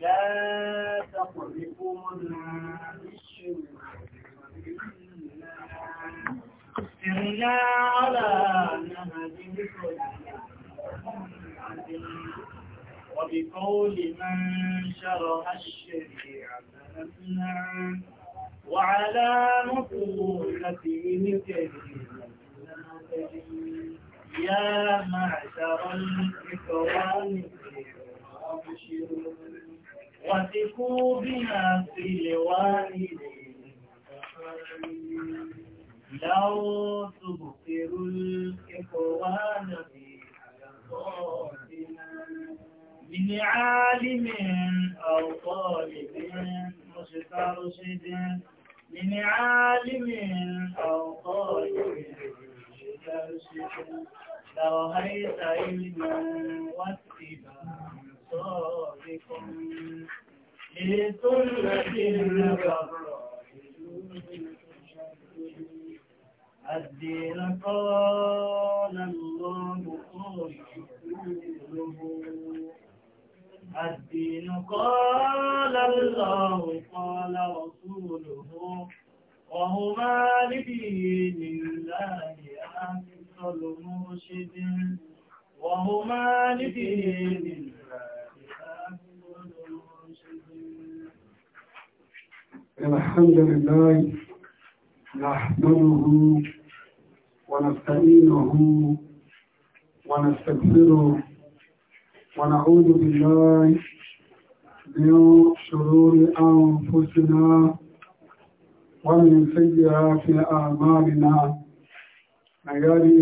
لا تقذفون إلا على نهج وبقول من شرح الشريعة نفنا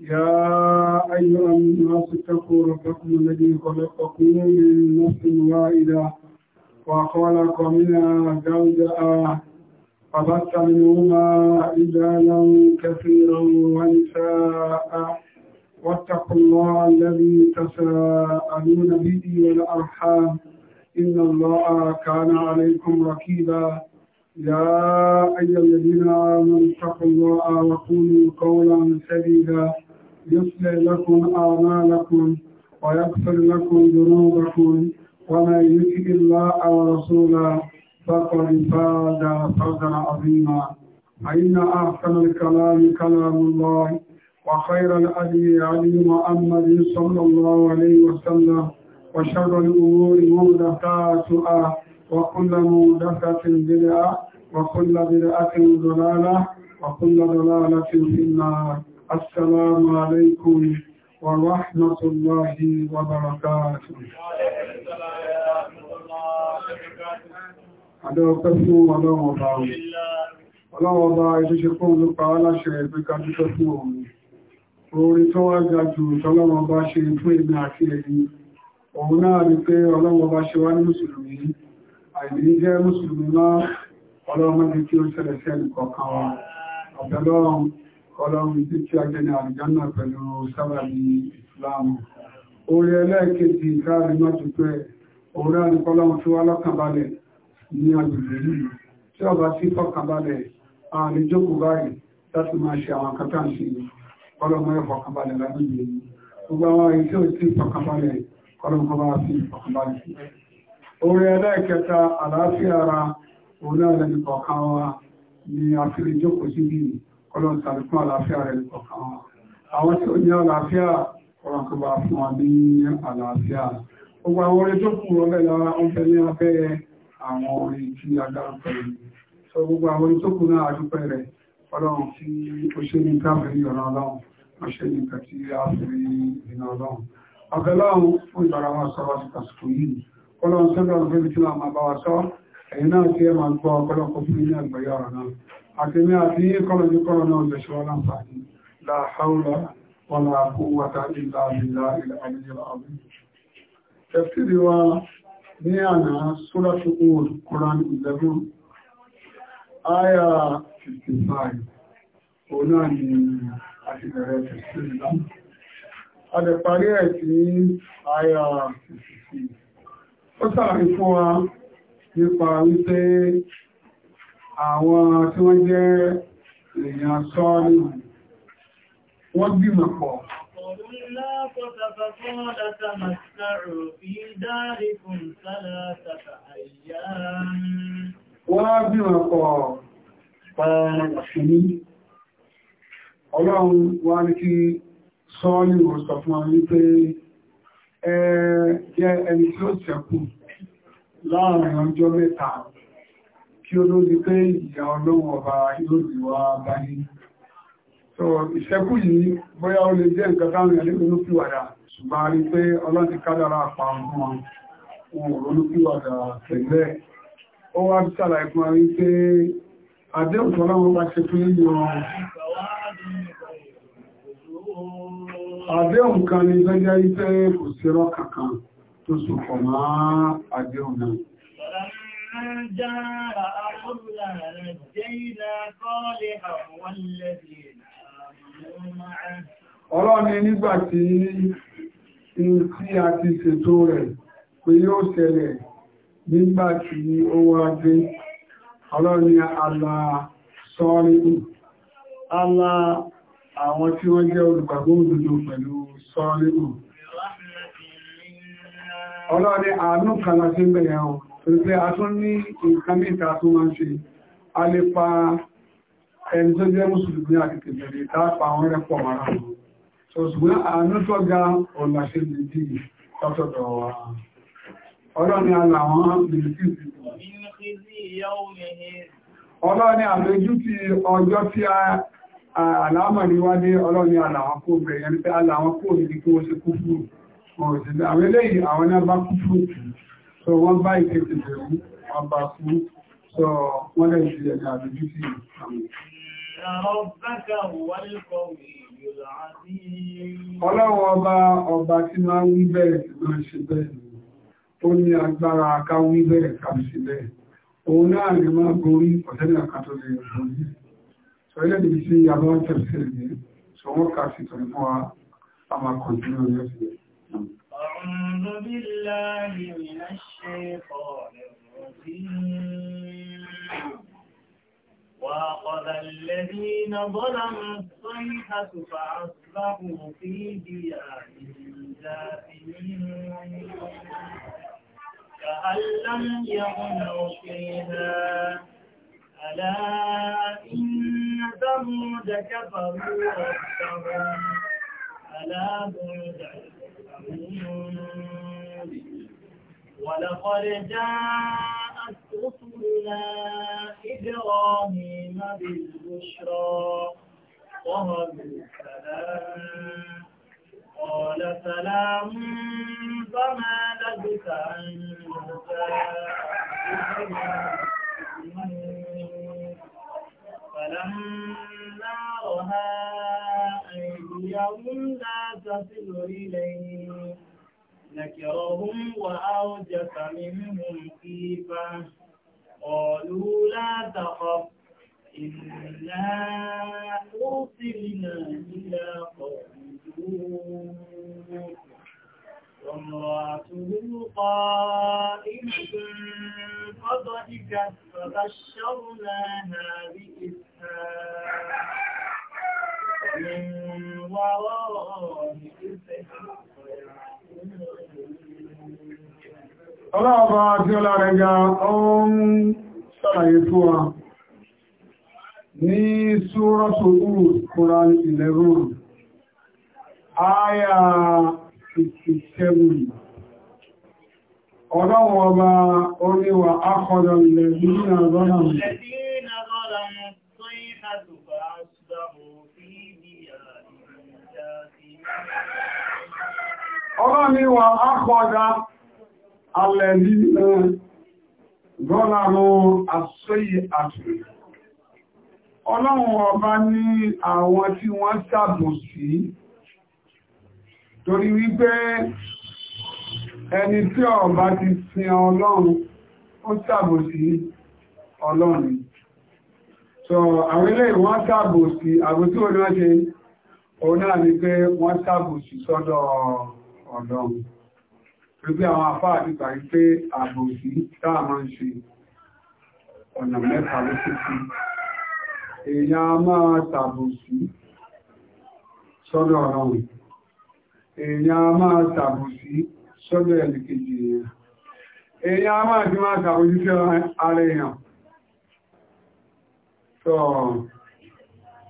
يا أيها الناس اتقوا ربكم الذي خلقكم من نفس واحدة وخلق منها زوجها فبث منهما رجالا كثيرا ونساء واتقوا الله الذي تساءلون به والأرحام إن الله كان عليكم ركيبا يا أيها الذين آمنوا اتقوا الله وقولوا قولا سديدا يصلح لكم أعمالكم ويغفر لكم ذنوبكم ومن يطع الله ورسوله فقد فاز فوزا عظيما فإن أحسن الكلام كلام الله وخير الأدي علي محمد صلى الله عليه وسلم وشر الأمور مهدفاتها وكل مهدفة بدعة وكل بدعة ضلالة وكل ضلالة في النار السلام عليكم ورحمة الله وبركاته Adọ́ọ̀pẹ́ fún ọlọ́run ọba òun. Ọlọ́run ọba ìṣẹ́ṣe fún olúpa aláṣẹ ẹgbẹ́ kájúkọ́ fún òun. Orin tó wá ga jù tọ́lọ́run ọba ṣe fún èmi àti ẹ̀yìn. Òun náà rí pé ọlọ́run ọba ṣe wá ní Mùsùlùmí. Àìní jẹ́ Mùsùlùmí náà, ọlọ́run kọlọ́run tí tí a jẹ́ ní àrìjánà pẹ̀lú sábàbí ìsìláàmù orí ẹlẹ́ẹ̀kejì káàrí má tó pẹ́ orí àríkọlọ́run tí wá lọ́kànbalẹ̀ ní agbègbè yìí tí ọba sí fọkànbalẹ̀ àríjókòó báyìí láti máa ṣe àwọn kátà ń ṣe kọlọ́mọ ẹ̀fọkànbalẹ̀ lágbègbè yìí gbogbo àwọn èyí tí ó ti fọkànbalẹ̀ kọlọ́mọ bá fi fọkànbalẹ̀ orí ẹlẹ́ẹ̀kẹta àlàáfíà ara ni a fi lè jókòó síbí yìí ọlọ́run tàbí fún àlàáfíà rẹ̀ nìkọ̀ọ̀kan wọn àwọn tí ó ní àlàáfíà ọ̀rọ̀kọ̀bà fún wa ní àlàáfíà gbogbo àwọn orin tó kù rọ́lẹ̀ lára ń fẹ́ ní abẹ́ àwọn orin tí a dárúkọ yìí sọ gbogbo àwọn orin tó kù náà àdúpẹ́ rẹ̀ ọlọ́run tí ó ṣe ní káfírí ọ̀nà ọlọ́run wọ́n ṣe ní nǹkan tí a fi rí ìrìnà ọlọ́run abẹ́láhùn fún ìbára wọn sọ wá sí pàṣípò yìí ọlọ́run sọ́dọ̀ ọ̀gbẹ́bí tí wọ́n máa bá wa sọ ẹ̀yìn náà tí ẹ máa gbọ́ ọ̀pọ̀lọpọ̀ fún ilé àgbẹ̀yà ọ̀rọ̀ náà àtẹ́mí àti kọ́lọ̀jú kọ́lọ̀nà ọ̀lẹ́ṣọ́ aláǹfààní la hawla wala quwwata illa billahi al-aliyyil azim tafsiri wa ní àná suratu Hud Quran 11 aya 55 òun náà ni àti bẹ̀rẹ̀ adẹ̀parí ẹ̀ sí aya 56 ó sàrí fún wa nípa wípé àwọn tí wọ́n jẹ́ èèyàn sọ́ọ̀lù wọ́n gbìmọ̀ pọ̀ Wọ́n bímọ̀ pọ̀ pàṣíní, ọlọ́run wá ní kí sọ́ọ̀lù ọ̀sọ̀ fún àwọn wípé ẹ jẹ́ ẹni tí ó ṣẹ̀kù láàrin ọjọ́ mẹ́ta kí ó ló di pé ìyà ọlọ́run ọba yóò wá báyìí so ìṣẹ́kù yìí bóyá ó lè jẹ́ nǹkan táwọn ẹ̀lẹ́ olókìwàdà ṣùgbọ́n a rí pé ọlọ́run ti kádàrá pa ọmọ wọn olókìwàdà tẹ̀lẹ́ ó wá bí sàlàyé fún جار أمرنا نجينا صالحا والذين آمنوا nígbà tí tí a ti ṣètò rẹ̀ pé yóò ṣẹlẹ̀ nígbà tí ó wá dé, ọlọ́run àlà sọ́rí àlà àwọn tí wọ́n jẹ́ olùgbàgbọ́ òdodo pẹ̀lú sọ́rí àánú pé a tún ní nǹkan mẹ́ta tó máa ń ṣe a lè pa ẹni tó mùsùlùmí àti tẹ̀lẹ̀ ìtàpá àwọn rẹ̀pọ̀ mara wọn so ṣùgbọ́n àánú tó ga ọ̀nà ṣe lè dì lọ́tọ̀dọ̀ wa ọlọ́ni aláwọn bìrìtì ọlọ́ni àlójú ti ọjọ́ tí àlámọ̀níwádé ọlọ́ni aláwọn kó bẹ̀rẹ̀ yẹn pé aláwọn kó ní kí wọ́n so wọ́n bá ìkéde ìrú wọ́n bá fún so wọ́n lè ṣe ẹ̀dà àdójú sí àmì ọlọ́wọ́ ọba ọba tí máa ń wí bẹ́ẹ̀ tí máa ń ṣe bẹ́ẹ̀ ó ní agbára aká wí bẹ́ẹ̀ kàbí sí bẹ́ẹ̀ òun náà lè máa borí ọ̀tẹ́lẹ̀ àkàtò lè borí sọ ilé ìdíbi sí ìyàbọ̀ tẹ̀sílẹ̀ yìí sọ wọ́n kà sí tọ̀lẹ̀ fún أعوذ بالله من الشيطان الرجيم وأخذ الذين ظلموا الصيحة فأصبحوا في ديارهم جاثمين كأن لم يغنوا فيها ألا إن ثمود كفروا ربهم ألا بعدا ولقد جاءت رسلنا إبراهيم بالبشرى قالوا سلام قال سلام فما لبث أن فلما رأى رؤياهم لا تصل إليه نكرهم وأوجس منهم خيفة قالوا لا تخف إنا أرسلنا إلى قوم لوط وامرأته قائمة فضحكت فبشرناها بإسحاق Ọlọ́ọ̀bá tí ó lára ga ọun ṣàlàyé fún wa ní Súrọ́sù Úrù Quran 11, Aya 57. Ọlọ́wọ̀ ọba oníwà akọ̀dọ̀ ilẹ̀ ní àrọ́nà. ọlọ́niwà akọ́dá alẹ́lì gọ́láró àṣẹ́yẹ àṣẹ ọlọ́run ọba ní àwọn tí wọ́n ṣàbòsí torí wípé ẹni tí ọba ti sin ọlọ́run ó ṣàbòsí ọlọ́run so àwọn ilé ìwọ́n ṣàbòsí àbòsí òní wọ́n ṣe òun náà ni pé wọ́n ṣàbòsí sọ́dọ̀ ọ̀rọ̀ ọlọ́run gbogbo àwọn afáà nípa pé àbòsí táà máa ń ṣe ọ̀nà mẹ́ta ló sì sí èèyàn a máa tàbòsí sọ́dọ̀ ọlọ́run èèyàn a máa tàbòsí sọ́dọ̀ ẹnìkejì èèyàn èèyàn a máa ti máa tàbòsí sí ara èèyàn sọ̀rọ̀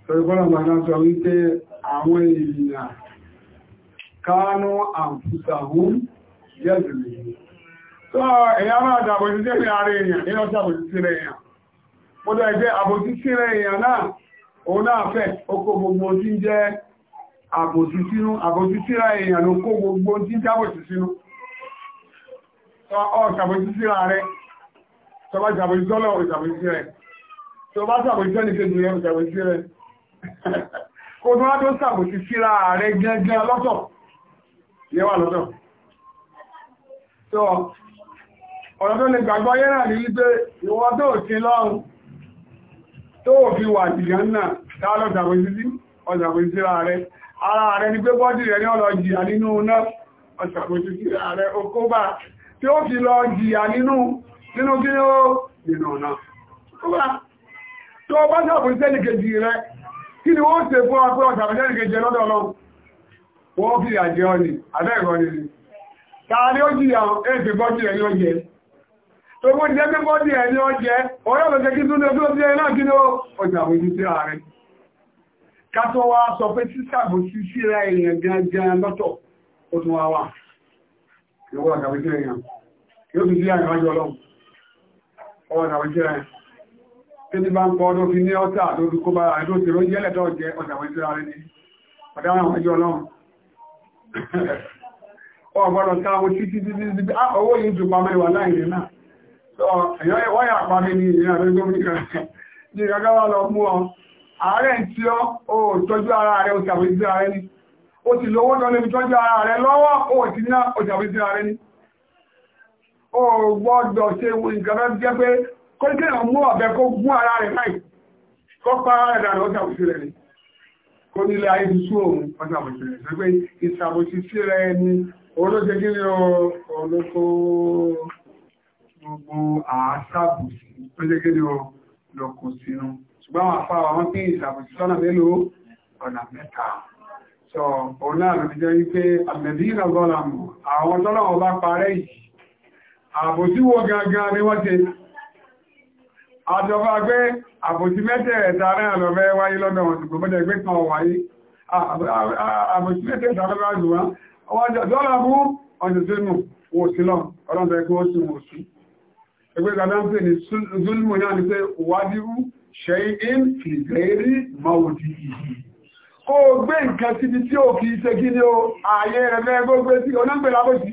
sọ̀rọ̀ bọ́lá màá sọ wípé àwọn èèyàn kánú àǹfúsàhún yẹ́zùlẹ̀ tó ẹ̀yà máa dàbò sí jẹ́ ààrẹ èèyàn nínú dàbò sí sí rẹ̀ èèyàn mo dọ̀ ẹgbẹ́ àbòsí sí rẹ̀ èèyàn náà òun náà fẹ́ oko gbogbo tí ń jẹ́ àbòsí sínú àbòsí sí rẹ̀ èèyàn ló kó gbogbo tí ń jábòsí sínú kò tó wá tó ṣàbòsí sí rẹ̀ gẹ́gẹ́ lọ́tọ̀ yẹn wà lọ́dọ̀ so ọ̀rọ̀ tó lè gbàgbọ́ yẹ́ náà ní wípé ìwọ tó ti lọ́run tó fi wà jìyàn náà tààlọ́ ìjàgbèsí ọjàgbèsí rẹ̀ ara rẹ̀ ni pé bọ́dì rẹ̀ ní ọlọ jìyà nínú náà ọjàgbèsí rẹ̀ okóbà tí ó fi lọ jìyà nínú nínú kí ó dènà náà tó bá jàgbèsí ẹnìkejì rẹ̀ kí ni ó ṣe fún ọjàgbèsí ẹnìkejì lọ́dọ̀ ọlọ́run wọ́n fi àjẹ́ ọ̀nì abẹ́ẹ̀kọ́ ni tààrí ó jìyà èdè bọ́dì ẹni ó jẹ́ tó gbó jẹ́ pé bọ́dì ẹni ó jẹ́ ọ̀rẹ́ ọ̀lọ́jẹ́ kí tún lọ́dún ọdún ẹ̀nà kí ló ọjà àwọn ìdí tí ààrẹ kátó wá sọ pé sísàbò sí síra èèyàn gangan lọ́tọ̀ ó tún wá wà yóò wà tàbí síra èèyàn yóò fi sí àìrájọ ọlọ́run ọwọ́ tàbí síra èèyàn tí ti bá ń pọ́ ọdún fi ní ọ́tà lórí kó bá àìdó ti ró jẹ́lẹ̀ tó jẹ́ ọjà àwọn ìdí ọgbọ́dọ̀ tí àwọn títí dị dị ah, owó yìí tún pàmẹ́ wà láìrìn náà wọ́n yà ní ìrìn gómìnà ní ìgbàgbà lọ mú ọ ààrẹ tí ọ o tọ́jú ara rẹ ó tàbí sí ara O tọ́jú ara rẹ lọ́wọ́ o ti ná tàbí sí ara gbọ́dọ̀ ṣe nǹkan jẹ́ pé kó kó nílé ayé ti sú òun ọjọ́ àbòsílẹ̀ sọ pé ìṣàbòsí sí rẹ ni olóṣè kí ni olóko gbogbo àṣàbòsí olóṣè kí ni olóko sínú ṣùgbọ́n àwọn afá wọn pín ìṣàbòsí sọ́nà mélòó ọ̀nà mẹ́ta sọ òun náà ló fi jẹ́ wípé àmẹ̀bí ìrànlọ́làmù àwọn tọ́lọ́wọ́ bá parẹ́ yìí àbòsí wo gangan ni wọ́n ti àjọba gbé àbòsí mẹ́tẹ̀ẹ̀ta náà lọ fẹ́ wáyé lọ́dọ̀ wọn ti gbọ́dọ̀ gbé kan wáyé àbòsí mẹ́tẹ̀ẹ̀ta lọ fẹ́ wáyé wọ́n jọ dọ́là mú ọjọ́ sínú wọ́n sí lọ ọlọ́dọ̀ ẹgbẹ́ wọ́n sí wọ́n sí ẹgbẹ́ ìgbàdá ń pè ní zulmù náà ni pé wádìí ṣe in fìgbérí mọ́wòdì yìí kó gbé nǹkan síbi tí ò kìí ṣe kí ni ó ààyè rẹ̀ mẹ́gbẹ́ gbé sí onágbèlábòsí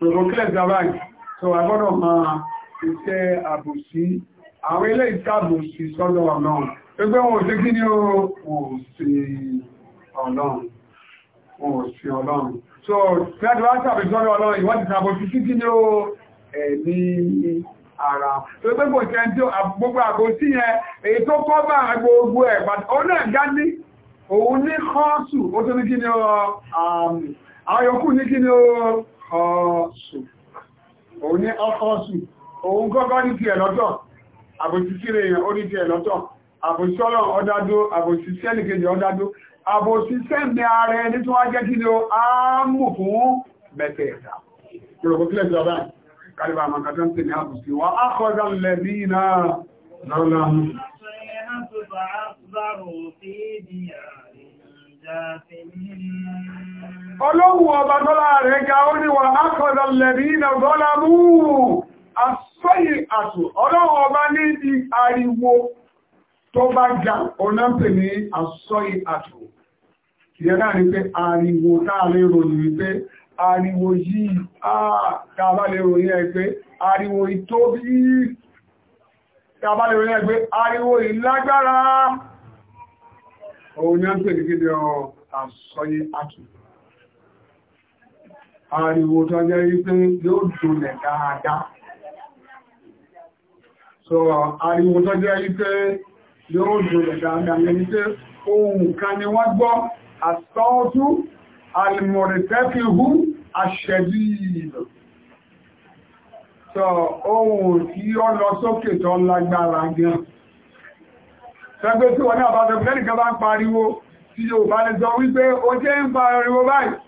provocless garage so agbọ́dọ̀ máa iṣẹ́ àbòsí àwọn ilé ìsàbòsí sọ́dọ̀ ọlọ́run ẹgbẹ́ wọn ò sí kí ní òsì ọlọ́run so tẹ́lẹ̀ wá sàbí sọ́dọ̀ ọlọ́run ìwọ́n ti sàbòsí sí kí ní ó ẹ̀mí ara tó pé kò tẹ́ tí gbogbo àgbò sí yẹn èyí tó kọ́ bá gbogbo ẹ̀ pàtàkì ó náà gá ní òun ní kọ́ọ̀sù ó tó ní kí ní ọ àmì àwọn yòókù ní kí ní ó ọ̀ọ́sù òun ní ọkọ̀ọ̀sù òun gọ́gọ́ ní ti ẹ̀lọ́tọ̀ àbòsísíre èèyàn ó ní ti ẹ̀lọ́tọ̀ àbòsíọ́lọ̀ ọdádó àbòsíṣẹ́ nìkejì ọdádó àbòsíṣẹ́ mi ara ẹni tí wọ́n jẹ́ kí ni ó á mú fún bẹ̀tẹ̀ ẹ̀dá Akọ̀dá lẹ̀bí náà lọ́lá Ọlọ́run ọba tọ́lá rẹ̀ ga ó ní wà ákọ̀dà lẹ̀rí ìnà gọ́lá mú àṣọ́yì àtò. Ọlọ́run ọba ní ti ariwo tó bá ga onápẹ̀ ní àṣọ́yì àtò. Ìyẹn náà pé ariwo táà lè ròyìn wípé ariwo yìí àtàbà lè ẹgbẹ́ ariwo ìtóbi tàbà lè ẹgbẹ́ ariwo ìlágbára òun ni a ń ariwo tó jẹ́ wípé yóò jùlẹ̀ dáadáa so ariwo tó jẹ́ wípé yóò jùlẹ̀ dáadáa yẹni pé ohun kan ni wọ́n gbọ́ asọ́ọ̀tú alìmọ̀rẹ̀tẹ́fihú aṣẹ́dí ìlò so ohun tí ó lọ sókè tó lágbára gan sẹ́gbẹ́ tí wọ́n ní àbájọ́ pẹ́lú kan bá ń pariwo tí yóò bá lè sọ wípé ó jẹ́ ń pariwo báyìí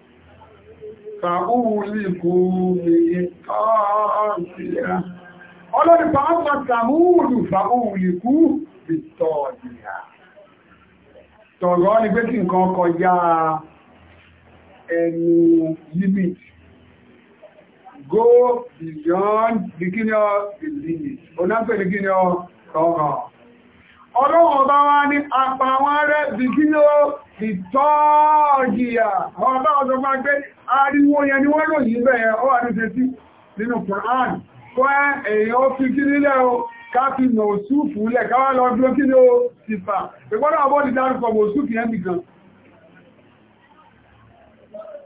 fàúlìkú ìtọ́ọ̀dìyà ọlọ́rin pàápàá sàmúùlù fàúlìkú ìtọ́ọ̀dìyà tọ̀rọ ni pé kí nǹkan kọjá ẹnu limit go beyond the guinea limit onápẹ̀lẹ̀ guinea tọ̀rọ̀ ọlọ́wọ̀n bá wá ní apá wọn rẹ̀ bí kí ló fi gbé ariwo yẹn ni wọ́n lòyìn bẹ̀rẹ̀ ó nínú Quran kọ́ èèyàn ó fi nílẹ̀ o káfí nà òsúfù lẹ̀ káwà lọ dúró kí ló ti fà ìgbọ́dọ̀ ti dárúkọ bò òsúfù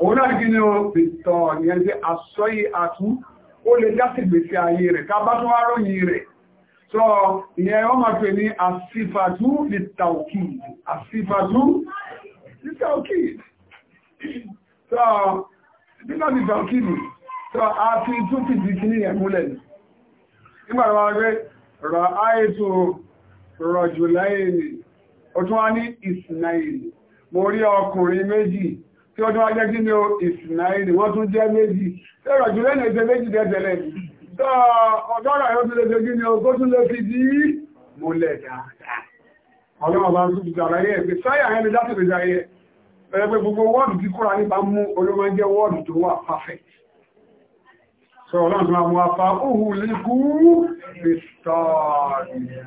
òun náà kí ó lè So, ìyẹn wọ́n máa pè ní àsífàtú lìtàòkì. Àsífàtú lìtàòkì. So, nígbà lìtàòkì nì, so a ti tún ti di kí ní ẹ̀múlẹ̀ nì. Nígbàtà wá rẹ̀ rọ̀ áìtò rọ̀jùláìní, ó tún wá ní ìsìnáìní. Mo rí ọkùnrin méjì tí ó tún wá jẹ́ kí ní ìsìnáìní, wọ́n tún jẹ́ méjì. Ṣé rọ̀jùláìní ẹ̀jẹ̀ méjì tẹ́tẹ̀lẹ̀ ni? Sọ ọ̀dọ́rà yóò tún lè ṣe gíní ogó tún lè fi dí múlẹ̀ dáadáa. Ọlọ́run bá ń tún jù àlàyé ẹ̀ pé sáyà ẹni dátò lè jayé. Bẹ̀rẹ̀ pé gbogbo wọ́ọ̀dù tí kúrò nípa mú olómọ jẹ́ wọ́ọ̀dù tó wà perfect. Sọ ọlọ́run máa mú apá òhù líkú fi tọ́ọ̀dì.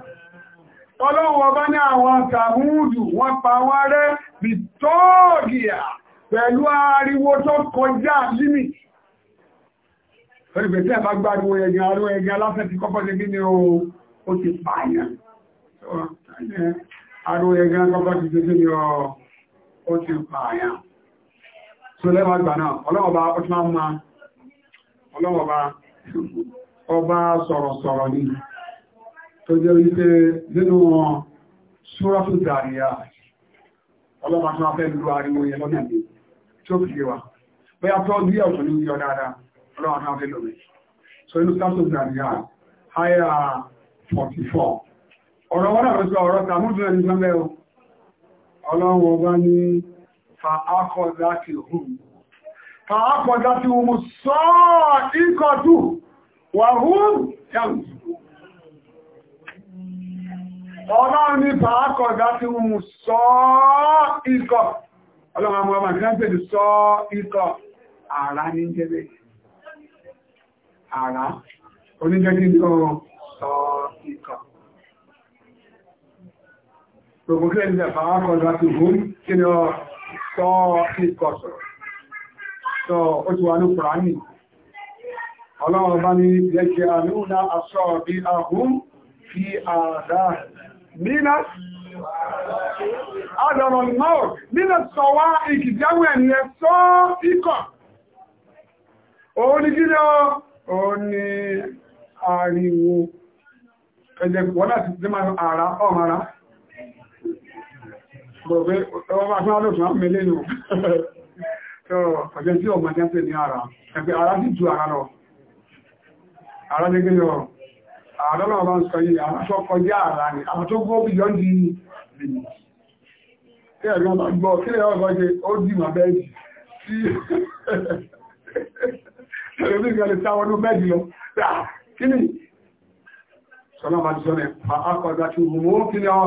Ọlọ́run ọba ní àwọn tàmúdù wọ́n pa wọ́n rẹ́ bí tọ́ọ̀gìyà pẹ̀lú ariwo tó kọjá límìtì. Orígbè tí ẹ̀bá gbádùn ẹ̀gẹ̀ arú ẹ̀gẹ̀ aláfẹ́ ti kọ́kọ́ ti gíní ó ti pààyàn. Arú ẹ̀gẹ̀ kọ́kọ́ ti gíní ó ti pààyàn. So lẹ́wà gbà náà, ọlọ́wọ̀bá ó ti máa ọlọ́wọ̀bá ọba sọ̀rọ̀sọ̀rọ̀ ni, tó jẹ́ wípé nínú Súrọ́tù Dàríyà, ọlọ́wọ̀bá tó máa fẹ́ lú ariwo yẹn lọ́nà mi, tó ọlọ́run so inú sáàtò gbàdìyà àyà 44 ọ̀rọ̀ wọ́n náà sọ ọ̀rọ̀ tàmúdù ẹni sọ́lẹ̀ o ọlọ́run ọba ní fàákọ̀ láti hùn fàákọ̀ láti hùn sọ ìkọ̀tù wà hùn yàmù ọlọ́run ní fàákọ̀ láti hùn sọ ìkọ̀ ọlọ́run àwọn ọmọ ìkọ̀ àrá ní jẹ́bẹ̀ẹ́ àrá oníjẹ́gídọ́ sọ ikọ̀. Gbogbo kí ẹni jẹ́ fàwọn akọ̀lá ti gún kí ni ọ sọ ikọ̀ sọ̀rọ̀. Sọ ó ti wà ní Kùránì. Ọlọ́run bá ní yẹ́kẹ́ àlúna aṣọ́ bí ahùn fi àdá nínà Adọ̀rọ̀ náà nínà sọ wá ìkìjáwẹ̀ ni ẹ sọ ikọ̀. Òun ni kí ni ọ ó ní ariwo ẹjẹ wọ́n láti tí máa ara ọmọ ara gbogbo ọwọ́ bá fún alóòtún àwọn tí ọmọ jẹ́ ẹ́sẹ̀ ní ara ẹgbẹ́ ara ju ara lọ ara ní àádọ́lọ́ sọ yìí kọjá ara ni àwọn tó gbọ́ bí yọ́n di tí gbọ́ ẹ̀rẹ́bí ìgbẹ̀lẹ̀ sáwọn ọdún bẹ́ẹ̀dì lọ kí ni sọ́nà máa sọ́nà àkọ̀dá tí ó mú kí ni ọ́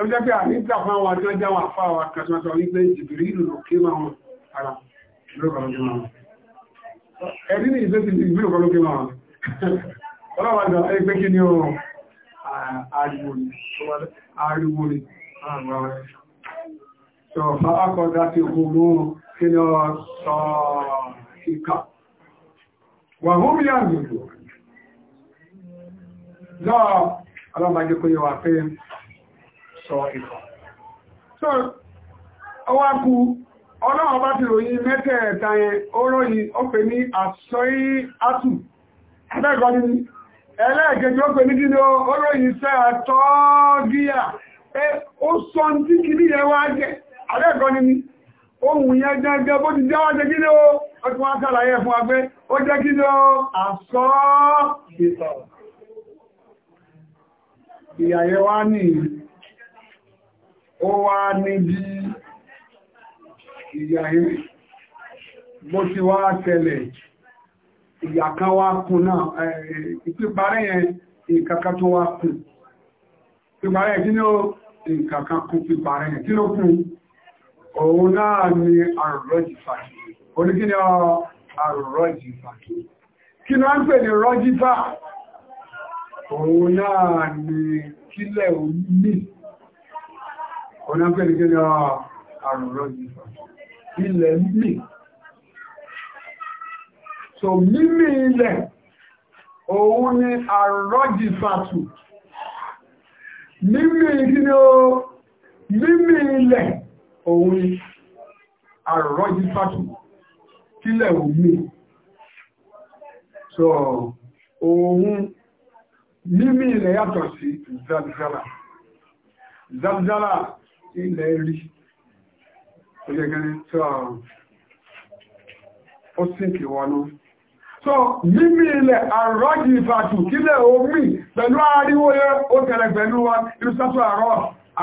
ọ́ jẹ́ pé àníjà fún àwọn àjọ jẹ́ àwọn àfá àwọn akẹ́sọ́sọ́ wípé jìbìrì ìlú kí máa wọn ara ẹ̀rí ni ìfẹ́ ti ìgbìlò kan lókè máa ọlọ́wà ìjọ ẹgbẹ́ kí ni ó ariwo ni sọ fa akọ̀dá tí ó mú kí ni ọ́ sọ́ọ̀ ìka wà hún rí àmì ìlú náà alábàájẹ́ kó yẹ wà pé sọ ìka so ọwá kú ọlọ́wọ́ bá ti ròyìn mẹ́tẹ̀ẹ̀ta yẹn ó ròyìn ó pè ní àṣọ́yí átù ẹgbẹ́gbọ́n ní ẹlẹ́ẹ̀kẹjọ́ pè ní dídó ó ròyìn sẹ́ àtọ́gíyà pé ó sọ tí kìí yẹ wá jẹ́ ẹgbẹ́gbọ́n ní ohun yẹn gẹ́gẹ́ bó ti jẹ́ wá jẹ́ kí ní ó ó tún wá sàlàyé fún wa pé ó jẹ́ kí ló àsọ́ ìtọ̀ ìyàyẹ wá ní ó wá níbi ìyàyẹ bó ti wá tẹ̀lẹ̀ ìyà kan wá kún náà ìpíparẹ́ yẹn ìkankan tó wá kún píparẹ́ kí ní ó ìkankan kún píparẹ́ yẹn kí ló kún òun náà ni àrùn lọ́jì oníkíní àrọ̀rọ̀jìfà kí náà ń pè ní rọ́jìfà òun náà ni kílẹ̀ omi ọ̀nà ń pè ní kíní àrọ̀rọ̀jìfà ilẹ̀ mí so mímí ilẹ̀ òun ni àrọ̀jìfà tù mímí kíní o mímí ilẹ̀ òun ni àrọ̀rọ̀jìfà tù kílẹ̀ omi so ohun mímí ilẹ̀ yàtọ̀ sí zalzala zalzala ilẹ̀ rí ọjọ́gẹ́rẹ́ tó ó sínkì wọnú so mímí ilẹ̀ àrọ́jì ìfàtù kílẹ̀ omi pẹ̀lú ariwo yẹ ó tẹ̀lẹ̀ pẹ̀lú wa inú sátọ̀ àrọ́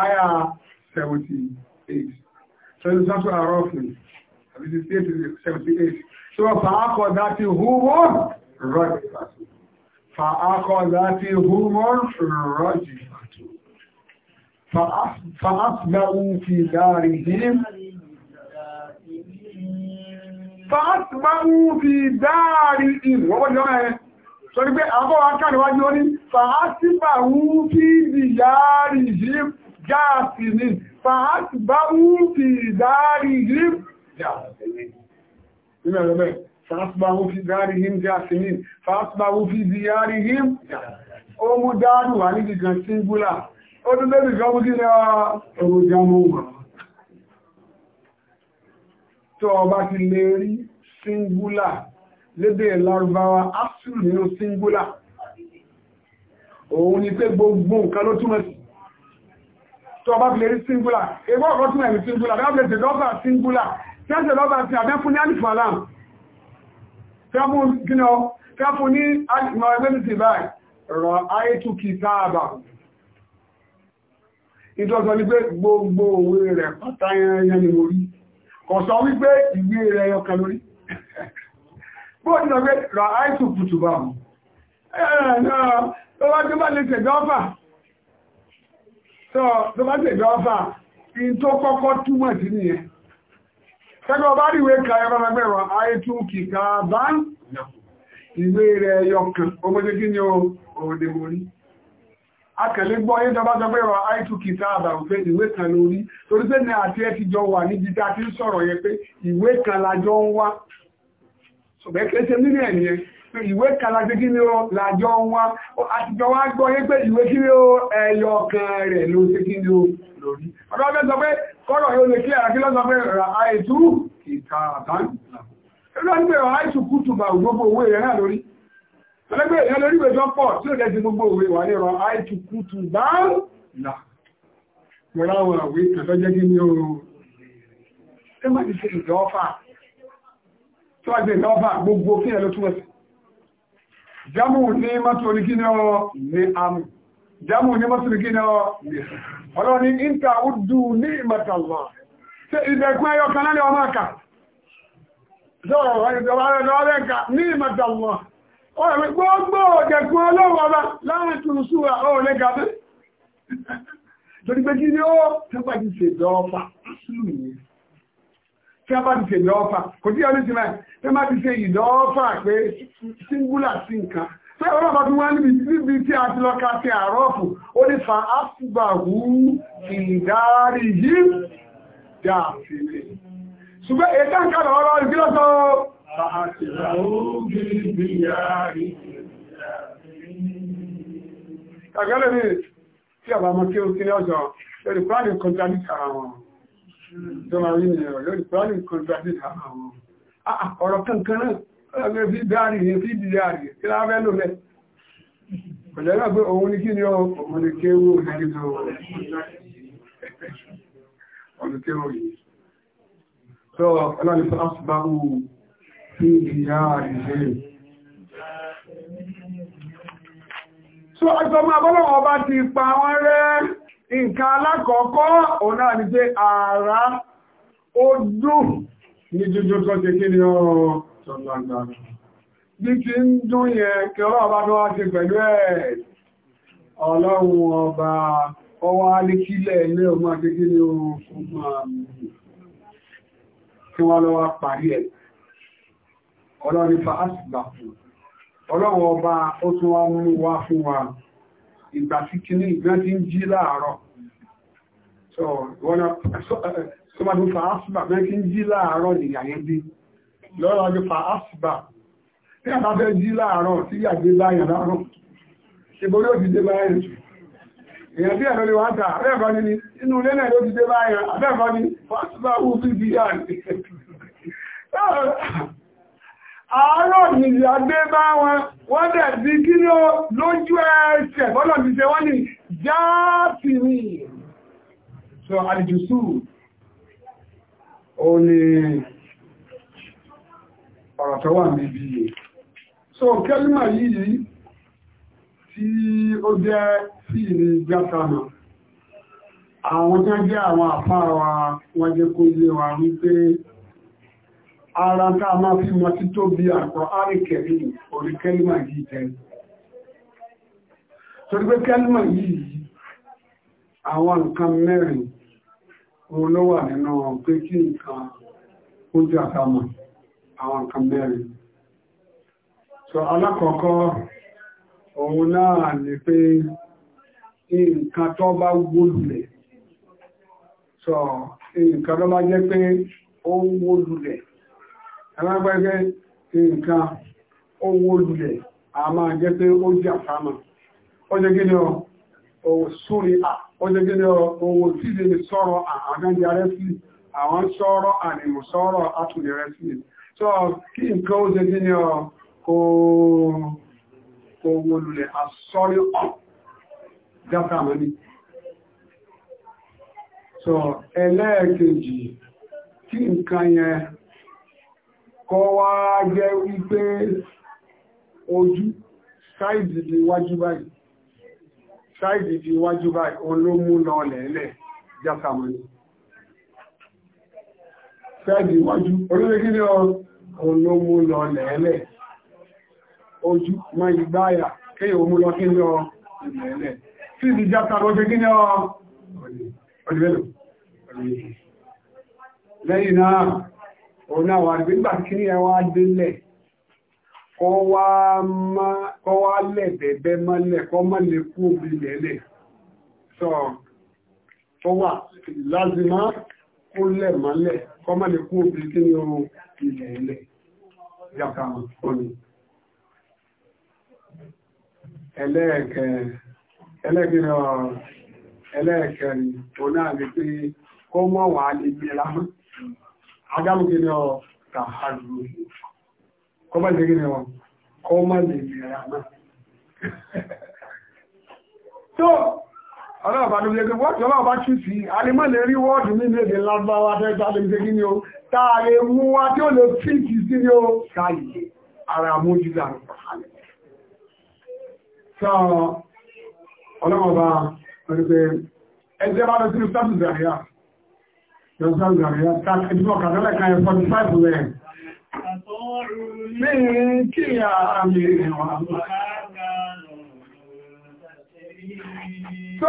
àyà 78 so inú sátọ̀ àrọ́ fún So fàákọ̀ dáti húmọ́n rọ́jì fàtó. Fàákọ̀ dáti húmọ́n rọ́jì fàtó. Fàásgbàwú fi dárí hìm. Fàásgbàwú fi dárí hìm. Wọ́n wọ́n jọ ẹ̀. Sọ́rí pé àbọ́ akàríwájú ó ní fi dárí hìm. Jáàsì ni fàásgbàwú fi dárí hìm ní àwọn ọ̀tẹ̀lẹ́ nínú ẹ̀rọ bẹ́ẹ̀ fàásùbáwó fi dárí him jásílì fàásùbáwó fi díyárí him ó mú dáàrù wà níbi gan síngúlà ó tún bẹ́bí gan mú kílẹ̀ ọ̀rọ̀ jamu tó ọba ti lè rí síngúlà lédè lárúbáwá áṣùlù nínú síngúlà òun ni pé gbogbo nǹkan ló túmọ̀ sí tó ọba ti lè rí síngúlà ẹgbẹ́ ọ̀kan túmọ̀ ẹ̀mí síngúlà tẹ́sẹ̀ lọ́bàá ti àbẹ́ fún ní alìfàlám kẹfún ní alìmọ̀ẹ́mẹ́lìsì báyìí rọ̀ ayé tún kì sáàbà ìtọ́sọ ní pé gbogbo òwe rẹ̀ pátá yẹn ni mo rí kọ̀ sọ wípé ìgbé rẹ̀ ọkà lórí Tẹ́gbọ́ bá rí ìwé ka ẹ̀rọ lẹ́gbẹ̀rọ àìtú kìkà bá ìwé rẹ̀ yọkàn ọmọdé kí ni òde orí. Akẹ̀lẹ́ gbọ́ yé jọba jọgbẹ̀rọ àìtú kìkà àbà òfẹ́ ìwé kan lórí. Torí pé ní àti ẹ ti jọ wà níbi tá ti ń sọ̀rọ̀ yẹ pé ìwé kan lájọ ń wá. Sọ̀bẹ́kẹ́sẹ́ nínú ẹ̀ yẹn pé ìwé kan lájọ kí ni ó lájọ ń wá. Àtijọ́ wá gbọ́ yé pé ìwé kí ni ó ẹyọ kan rẹ̀ ló ṣe kí ni ó lórí. Ọ̀dọ́ kọ́rọ̀ yóò lè kí àràkí lọ́sọ pé rà àìtú ìkàtàn ẹgbẹ́ ní pé rà àìtú kútù bá gbogbo owó rẹ̀ náà lórí ẹgbẹ́ ìyẹn lórí ìwé jọpọ̀ tí ó lẹ́ ti gbogbo òwe wà ní rà àìtú kútù bá là rọra wọn àwé kàtọ́jẹ́ kí ní oòrùn ẹ má ti ṣe ìjọ́fà tó wá jẹ́ ìjọ́fà gbogbo kí ẹ ló túnmọ̀ sí jámù ní mọ́tò oníkí ní ọ ní àmù jámù ní mọ́sùlùkí náà ọlọ́run ní ìntà òdù ní ìmọ̀tàlá ṣe ìdẹ̀kùn ẹyọ kan lálẹ́ ọmọ ọ̀kà ní ìmọ̀tàlá ọ̀rẹ́ gbogbo ni ó tẹ́gbà ti ṣèdọ̀ ọfà sílù yìí tí o bá ti ti ti se tí ọlọ́pàá bí wọ́n níbi tí a ti lọ́ka ti àrọ́pù ó ní fa áfùgbàwú ìdárí yìí dáàfilé ṣùgbọ́n èdè ń kàrọ̀ ọ̀rọ̀ ìgbìlọ́sọ́ Àgẹ́lẹ̀ ní tí àbá mọ́ kí o kí ní ọjọ́ lórí pláàlì kọjálítà àwọn ìjọba ọ̀gbẹ́ fi dáàrí ní fi dìde àrí kí láfẹ́ ló mẹ́ ọ̀jọ́gbà pé òun ní kí ni ọmọ ní so ọjọ́mọ́ abọ́lọ́wọ́ ọba ti pa wọ́n rẹ́ nǹkan alákọ̀ọ́kọ́ òun náà ni pé ààrá ó dùn ní jíjọ́ tó kí ni ọ̀rọ̀ sọ́gbàgbà bí kí ń dún yẹ kí ọlọ́ọ̀bá tó wá ti pẹ̀lú ẹ̀ ọlọ́run ọba ọwá alékílẹ̀ ilé ọmọ akékeré ní oòrùn kí wọ́n lọ́wọ́ parí ẹ̀ ọlọ́rin fa asìgbàfù ọlọ́run ọba ó tún wá mú wá fún wa ìgbà tí kí ní ìgbà tí ń jí láàárọ̀ so wọ́n lọ́ lọ́rọ̀ agbẹ́fà asìbà tí a bá fẹ́ jí láàárọ̀ tí yàgbé báyàn láàárọ̀ ìbò yóò ti dé báyàn jù èyàn tí ẹ̀rọ lè wá tà abẹ́ẹ̀kọ́ ni inú ilé náà ló ti dé báyàn abẹ́ẹ̀kọ́ ni fásitì wù sí bí yà ní àárọ̀ ni yàgbé bá wọn wọ́n dẹ̀ bí kí ló lójú ẹsẹ̀ bọ́lọ̀ ti ṣe wọ́n ni jáàtì mi so àdìjùsù ó ní ọ̀rọ̀ tó wà níbi yìí so kẹ́límà yìí tí ó jẹ́ sí ní gbátánà àwọn tó jẹ́ àwọn àfáà wa wọ́n jẹ́ kó yé wa wípé ara tá a máa fi mọ́ sí tó bí àkọ́ àríkẹ̀rí orí kẹ́límà yìí jẹ́ torí pé kẹ́límà yìí àwọn nǹkan mẹ́rin òun ló wà nínú pé kí nǹkan ó jẹ́ àtàmọ̀ àwọn nǹkan mẹ́rin so alákọ̀ọ́kọ́ òun náà ni pé nǹkan tó so nǹkan tó bá jẹ́ pé ó nǹkan ó a máa jẹ́ pé ó jà fámà ó jẹ́ gíní ọ súnrí à ó jẹ́ gíní ọ owó tí lè sọ̀rọ̀ àwọn so kí nǹkan ó jẹjẹ ní ọkọ̀ olùlẹ̀ àsọ́rí ọ̀ játa mọ́ ní so ẹlẹ́ẹ̀kejì kí nǹkan yẹn kọ́ wá jẹ́ wípé ojú sáìdì di wájú báyìí sáìdì di wájú báyìí olómú lọ lẹ́lẹ̀ játa mọ́ ní fẹ́ẹ̀dì wájú orílẹ̀ kí ni olómú lọ lẹ́ẹ̀lẹ̀ ojú mọ ìgbáyà kí òmú lọ kí ni lẹ́ẹ̀lẹ̀ tí ìdí játa lọ́jọ́ kí ni ọ̀lẹ́lẹ̀ lẹ́yìn náà òun náà wà nígbà kí ni ẹwà délẹ̀ kọ́ wá lẹ̀bẹ̀bẹ̀ mọ́lẹ̀ kọ́ mọ́ kú òbí lẹ́lẹ̀ sọ tó wà lázìmá kó lẹ̀ mọ́lẹ̀ kọ́ má lè kú òbí kí ni ohun ilẹ̀ ilẹ̀ yàtà òní ẹlẹ́ẹ̀kẹrin òun náà lè pé kó mọ́ wà lè gbé lámọ́ agámùkí ni ọ tàhàrù kọ́ má lè gbé lámọ́ kọ́ má lè gbé lámọ́ ọlọ́ọ̀bá ló lẹ́gbẹ́ wọ́n tí ọlọ́ọ̀bá tún sí alẹ́mọ́lẹ̀ rí wọ́ọ̀dù ní ilé èdè lágbàwà tẹ́gbàdé ṣe kí ni ó táàrẹ mú wá tí ó lè fíìtì sí ní ó káyìí ara mójúdà ọlọ́ọ̀bá pẹ̀lúpẹ̀ ẹgbẹ́ bá lọ sí So,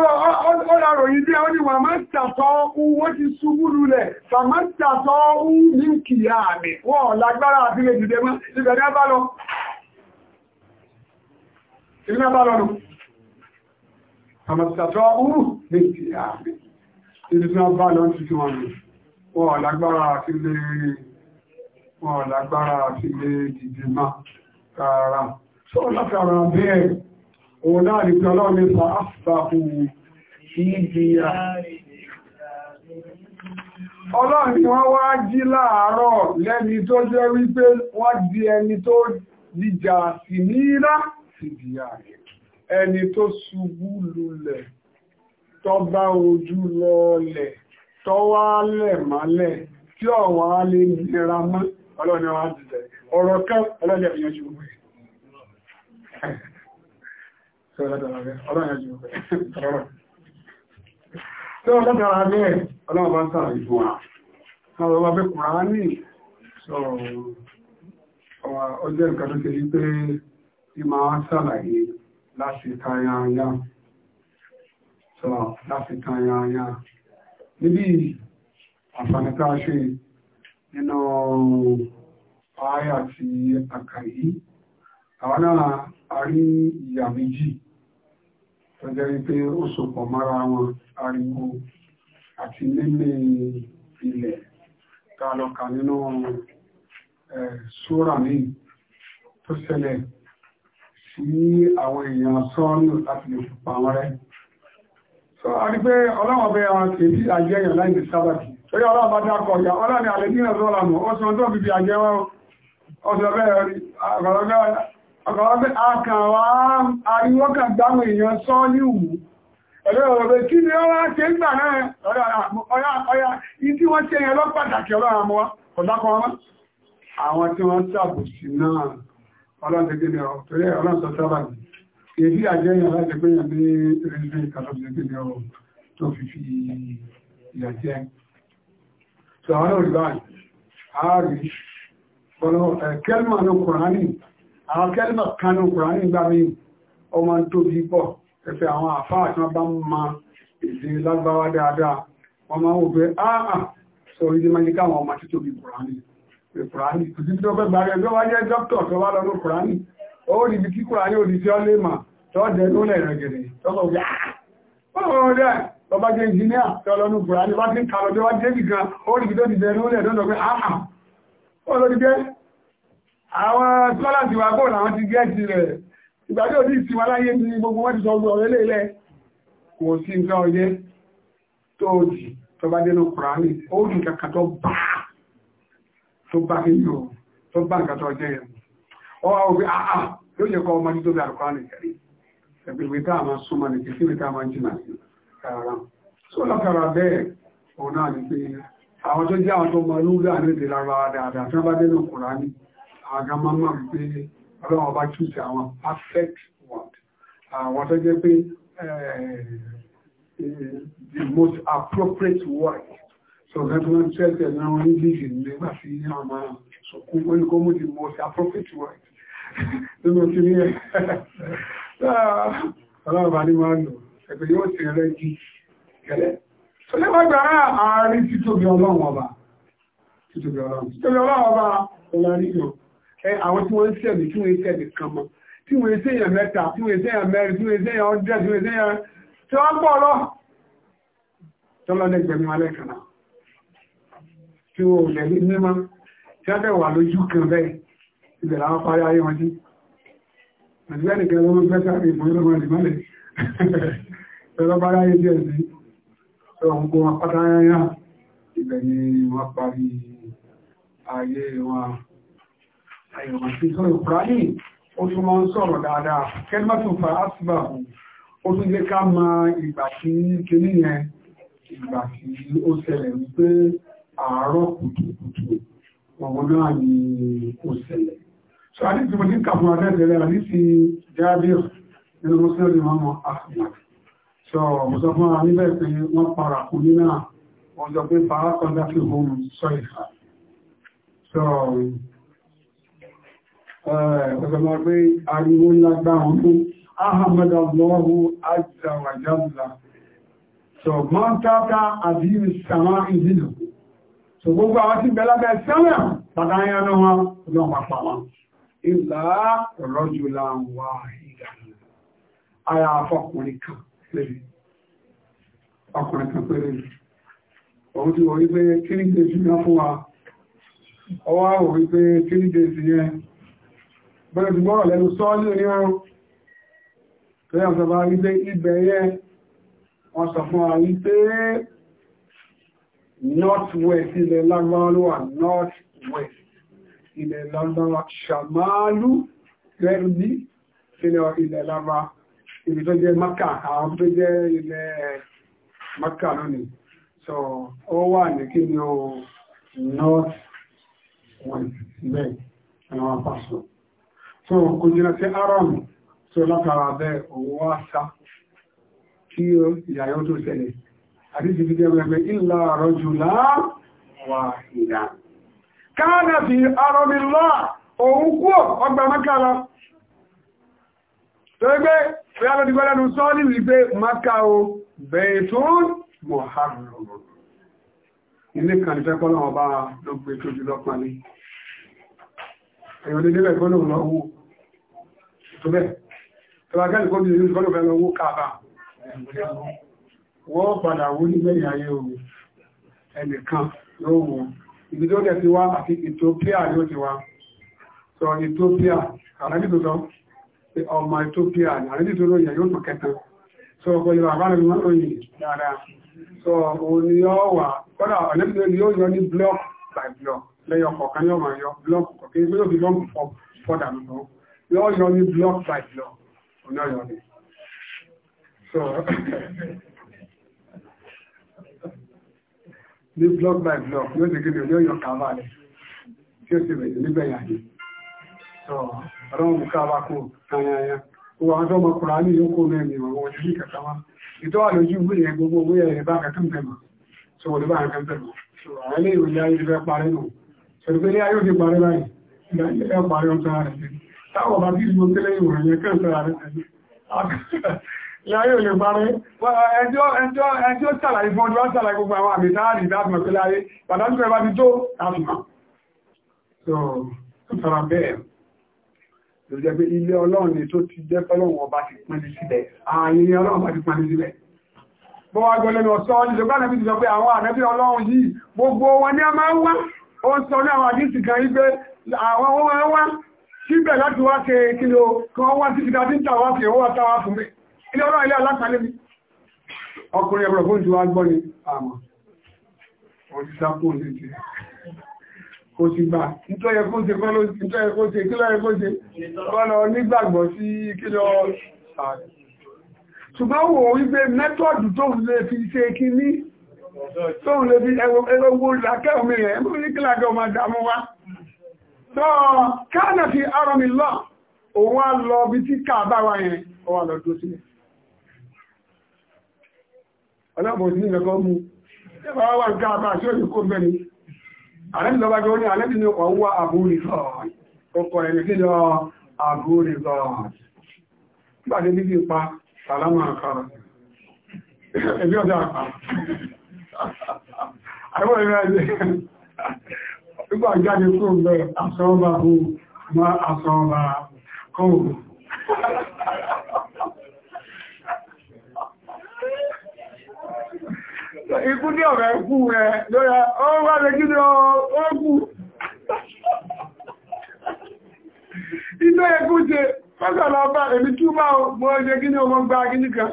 ọ́lá ròyìn dí ọ́ ni wà máa tàtọ́ ohun wọ́n ti ṣubú lulẹ̀, wà máa tàtọ́ ohun ní kìí àmì wọ́n lágbára àti lè dìde mọ́, ibẹ̀ ní abá lọ. Ibi náà bá lọ nù. Wà máa tàtọ́ ohun ní kìí àmì. Ibi náà bá lọ ti wọ́n òun náà ní pé ọlọ́run ní fa áfàkù sí ìdíyà ọlọ́run ni wọ́n wá jí láàárọ̀ lẹ́ni tó jẹ́ wípé wọ́n di ẹni tó dìjà sí níra sí ìdíyà ẹni tó ṣubú lulẹ̀ tó bá ojú lọlẹ̀ tó wá lẹ̀ mọ́lẹ̀ tí ọ̀wọ́ á lè nira mọ́ ọlọ́run ni wọ́n á dìjà ọ̀rọ̀ kan ọlọ́run ni ẹ̀yàn ṣe gbogbo tó látara rẹ̀ ọlọ́run ẹjù tọrọ tó látara rẹ̀ ọlọ́run bá ń sára ìfún wa ọlọ́run bá fẹ́ ọjọ́ nǹkan tó ṣe rí pé tí máa sàlàyé láti tayanya láti níbi tá a ṣe nínú ààyà àwọn náà ìyà méjì tọ́jọ́ wípé ó sopọ̀ mọ́ra wọn ariwo àti nílé ilẹ̀ tààlọ́kà nínú ṣúra ní tó ṣẹlẹ̀ sí àwọn èèyàn sọ́ọ́nù láti lè pupa wọn rẹ̀. so a rí pé ọlọ́wọ̀n bẹ́ àwọn kèbí àjẹyàn láìní sábàtì torí ọlọ́wọ̀n bá dákọ̀ ọ̀yà ọlọ́ni àlejò náà sọ́ọ́lá mọ̀ ó sọ tó bíbi àjẹwọ́ ọ̀sọ̀ bẹ́ẹ̀ rí ọ̀kọ̀wọ́gbé àkàwà àríwọ́kà gbáwọn èèyàn sọ ní ìwú ẹ̀lẹ́ ọ̀rọ̀bẹ̀ kí ni ọwá ṣe ń gbà náà ọ̀yá ìdí wọ́n ṣe yẹn lọ́pàtàkì ọlọ́run àmọ́wá kọ̀dákọ̀ wọn àwọn tí wọ́n ṣàbòsí náà ọlọ́run tẹ́gbẹ̀rẹ̀ ọ̀tọ́rẹ́ ọlọ́run àwọn kẹ́lìmọ̀ kanú kùrán nígbà mí ọmọ tó bí pọ̀ ẹ̀fẹ́ àwọn àfáà tí wọ́n bá ń ma èdè lágbàwá dáadáa wọ́n máa ń wò pé áà sọ ìdí máa ní káwọn ọmọ títò bí kùránì pé kùránì kò sí tó fẹ́ gbàrẹ̀ ẹgbẹ́ wá jẹ́ dókítà tó wá lọ́nà kùránì ó rí ibi kí kùránì ò ní tí ó lè mà tó dẹ lólẹ̀ rẹ̀ gẹ̀rẹ̀ tọ́kọ̀ wí báwọn rẹ̀ bàbá jẹ́ ìjìnìà tó lọ́nà ó rí àwọn scholars wà bóòlù àwọn ti gẹ́ẹ̀tì rẹ̀ ìgbàdé òdí ìsinmi aláyé ní gbogbo wọ́n ti sọ ọgbọ̀ orílẹ̀ ilẹ̀ kò sí nǹkan ọyẹ́ tó jì tó bá dénú kùránì ó jù kankan tó bá tó bá nínú tó bá nǹkan tó jẹ́ yẹn ọ wá wípé àà ah, ah, yóò yẹ kọ́ ọmọdé tó bí àlùkùránì kẹrì ẹ̀bí tá a máa súnmọ́ ní kí síbi tá a máa jìnà sí rárá tó lọ́kàrà bẹ́ẹ̀ òun náà ni pé àwọn tó jẹ́ àwọn tó mọ lúgà ní ìdílára dáadáa tí wọ́n bá dénú kùránì àgàmọ́ náà pé ọlọ́wọ́ bá choose àwọn perfect word. àwọn tó jẹ́ pé eh, eh, the most appropriate word so that one says that now English is never seen àmà sọkún wọ́n kọ́ mú the most appropriate word nínú kí ní ẹ̀ ọlọ́wọ́ bá ní máa lò ẹgbẹ̀ yóò sì rẹ̀ jí kẹlẹ̀ so lẹ́wọ́ gbára àárín títóbi ọlọ́run ọba títóbi ọlọ́run títóbi ọlọ́run ọba ọlọ́run àwọn tí wọ́n ń sẹ̀mí tí wọ́n ń sẹ̀mí kan mọ́ tí wọ́n ń sẹ̀yàn mẹ́ta tí wọ́n ń sẹ̀yàn mẹ́rin tí wọ́n ń sẹ̀yàn ọ̀dẹ́ tí wọ́n ń sẹ̀yàn tí wọ́n pọ̀ lọ. tọ́lọ́dẹ́gbẹ̀mí alẹ́ kan náà tí wọ́n ò lẹ́ni mímọ́ tí wọ́n bẹ̀ wà lójú kan bẹ́ẹ̀ ibẹ̀ làwọn parí ayé wọn jí. àdúgbò nìkan ló ń fẹ́ sáré ìbọn ló máa dìbọ́lẹ̀ ẹ̀rọ parí ayé díẹ̀ sí ọ̀hún kó wọn pátá yányá ibẹ̀ ni wọ́n parí ayé wọn ó tún jẹ́ ká ma ìgbà tí kìíní yẹn ìgbà tí ó ṣẹlẹ̀ wípé àárọ̀ kùtùkùtù ọmọ náà ni ó ṣẹlẹ̀. so a ní tí mo ní kàfún adẹ́tẹ̀lẹ́ àní sí jábíọ̀ nínú mọ́sílẹ̀ mọ́mọ́ ahmed so mo sọ fún wa níbẹ̀ pé wọ́n para kù ní náà wọ́n sọ pé fàákọ́ndá fi hùn sọ ìfà so ọ̀sọ̀mọ̀ pé ariwo lágbà wọn fún ahamada lọ́wọ́ ajáwàjáwà so mọ́n tàbí àbíyù sàmà ìdínà so gbogbo àwọn tí bẹ̀lábẹ̀ sẹ́mẹ̀ pàtàkìyàn wọn lọ pàpà wọn ìlà rọ́jùlá wà ìdàmù ara afọ́kùnrin kan lẹ́yìn ọkùnrin kan péré òun ti wọ̀ wípé kíníkèsì yẹn fún wa ọwọ́ wọ̀ wípé kíníkèsì yẹn pẹ̀lú ìgbọ́rọ̀ lẹ́nu sọ́ọ́lì onírun tó yàn sọba wípé ibẹ̀ yẹ wọ́n sọ fún wa wípé north west ilẹ̀ lágbára ló wà north west ilẹ̀ lágbára ṣàmálù ilẹ̀ lágbára ibi tó jẹ́ maka àwọn tó jẹ́ ilẹ̀ maka lónìí so ó wà ní kí ni north west bẹ́ẹ̀ àwọn so kò jìnà sí Aaron so látara bẹ́ẹ̀ òun wá sá kí ìyàyọ́ tó ṣẹlẹ̀ àdíjì fi jẹ́ mẹ́gbẹ́ ìlà rọ́jù láwà ìdá káàdà fi arọ́mìlá òun kú ọgbà mẹ́kàlá tó gbé fíyàlọ́ ti gbọ́lẹ́nu sọ́ọ́lì wípé maka o bẹ̀ẹ̀tún mọ̀hárùn ilé kan ní fẹ́kọ́ lọ́wọ́ bá lọ́gbẹ̀ẹ́ tó jùlọ pàlẹ́ tó bẹ́ẹ̀ tọ́wàgá lè kọ́bí ìlú kọ́lọ̀ fẹ́lọ owó kàbà wọ́n padà wó nígbẹ̀yìn ayé omi ẹnìkan yóò wọ́n ibi tó dẹ̀ ti wá àti Ethiopia yóò ti wá sọ Ethiopia àrẹ́bí tó sọ ọmọ Ethiopia àrẹ́bí tó lóyìn yóò tó kẹta sọ ọkọ̀ ìlú àbára ni wọ́n lóyìn dáadáa sọ òun ni yóò wà kọ́dà àrẹ́bí tó yóò yọ ní block by block lẹ́yọ̀ kọ̀ọ̀kan yóò máa yọ block kọ̀ọ̀kan yóò fi block fọ́dà lọ́wọ́ yóò yọ ní block by block ọ̀nà yọ ní so ní block by block yóò ti gíní yóò yọ kàbà rẹ̀ tí ó ti rẹ̀ nígbẹ̀yà ní so ọlọ́run kàbà kò tanyanya owó àwọn tó mọ kùrà ní yóò kó mẹ́rin àwọn ọjọ́ ní kẹta wá ìtọ́wà lójú wíyẹn gbogbo wíyẹn rẹ̀ bá kẹtùm tẹ̀mọ̀ so wọ́n lè bá kẹtùm tẹ̀mọ̀ so àwọn ilé ìwé ayé ti fẹ́ parí nù so ìgbélé ayé ó ti parí báyìí ìgbà ilé ẹ̀ parí ọ̀tọ́ rẹ̀ táwọn bá bíi gbogbo tẹ́lẹ̀ ìwọ̀n yẹn kẹ́ ìfẹ́ rẹ̀ tẹ̀lé láyé ò lè parẹ́ ẹjọ́ sàlàyé fún ọdún sàlàyé gbogbo àwọn àmì táàrí ìdáàmà pé láyé pàtàkì ẹbá ti tó àtùmà so tàrà bẹ́ẹ̀ ló jẹ́ pé ilé ọlọ́run ni tó ti jẹ́ tọ́lọ́run ọba ti pín ní sílẹ̀ ààyè ọlọ́run bá ti pín ní sílẹ̀ bó wá gbọ́ lẹ́nu ọ̀sọ́ ìlú bá nàbí ti sọ pé àwọn ànábì ọlọ́run yìí gbogbo wọn ní a máa ń wá ó ń sọ ní àwọn àdísì kan yí pé àwọn wọn máa síbẹ̀ láti wá ṣe kílò kan wá sí ìdá díntà wá fi owó àtàwà fún mi ilé ọlọ́ ilé alápàálé mi ọkùnrin ẹ̀bọ̀rọ̀ fún ìjọ agbọ́ ni àmà òṣìṣà kún ní ti kò sì gbà nítọ́yẹ kó ṣe kọ́ ló nítọ́yẹ kó ṣe kílọ̀ ẹ̀kó ṣe kọ́lọ nígbàgbọ́ sí kílọ̀ ṣùgbọ́n wò wípé mẹ́tọ́ọ̀dù tó lè fi ṣe kíní tó lè fi ẹwọ́ ẹwọ́ lákẹ́ òmìnira ẹ̀mọ́ ní kílàgẹ́ ọmọ tó káàdà fi arọmi lọ òun á lọ bí tí káàbá wa yẹn ó wà lọ dúró sílẹ̀ ọlọ́pọ̀ sí ìrẹ̀kọ́ mú ẹbà wà ń káàbá sí òyìn kó bẹ́ni àrẹ́bì lọ́wọ́ jọ ní àrẹ́bì ní ọkọ̀ wà àbúrí sọ́ọ̀n ọkọ̀ ẹ̀mí kí lọ àbúrí sọ́ọ̀n gbàdé níbi nígbà jáde fún ọ̀gbẹ́ àṣọ́ọ̀bà hù má àṣọ́ọ̀bà kọ́ọ̀bù ikú ní ọ̀rẹ́ kú rẹ̀ lórí ọwọ́ rẹ̀ kí ní ọkú ìtọ́ ẹkú ṣe pẹ́sọ̀lọ ọba èmi kí máa mọ́ ẹjẹ́ kí ní ọmọ gbá kí ní kan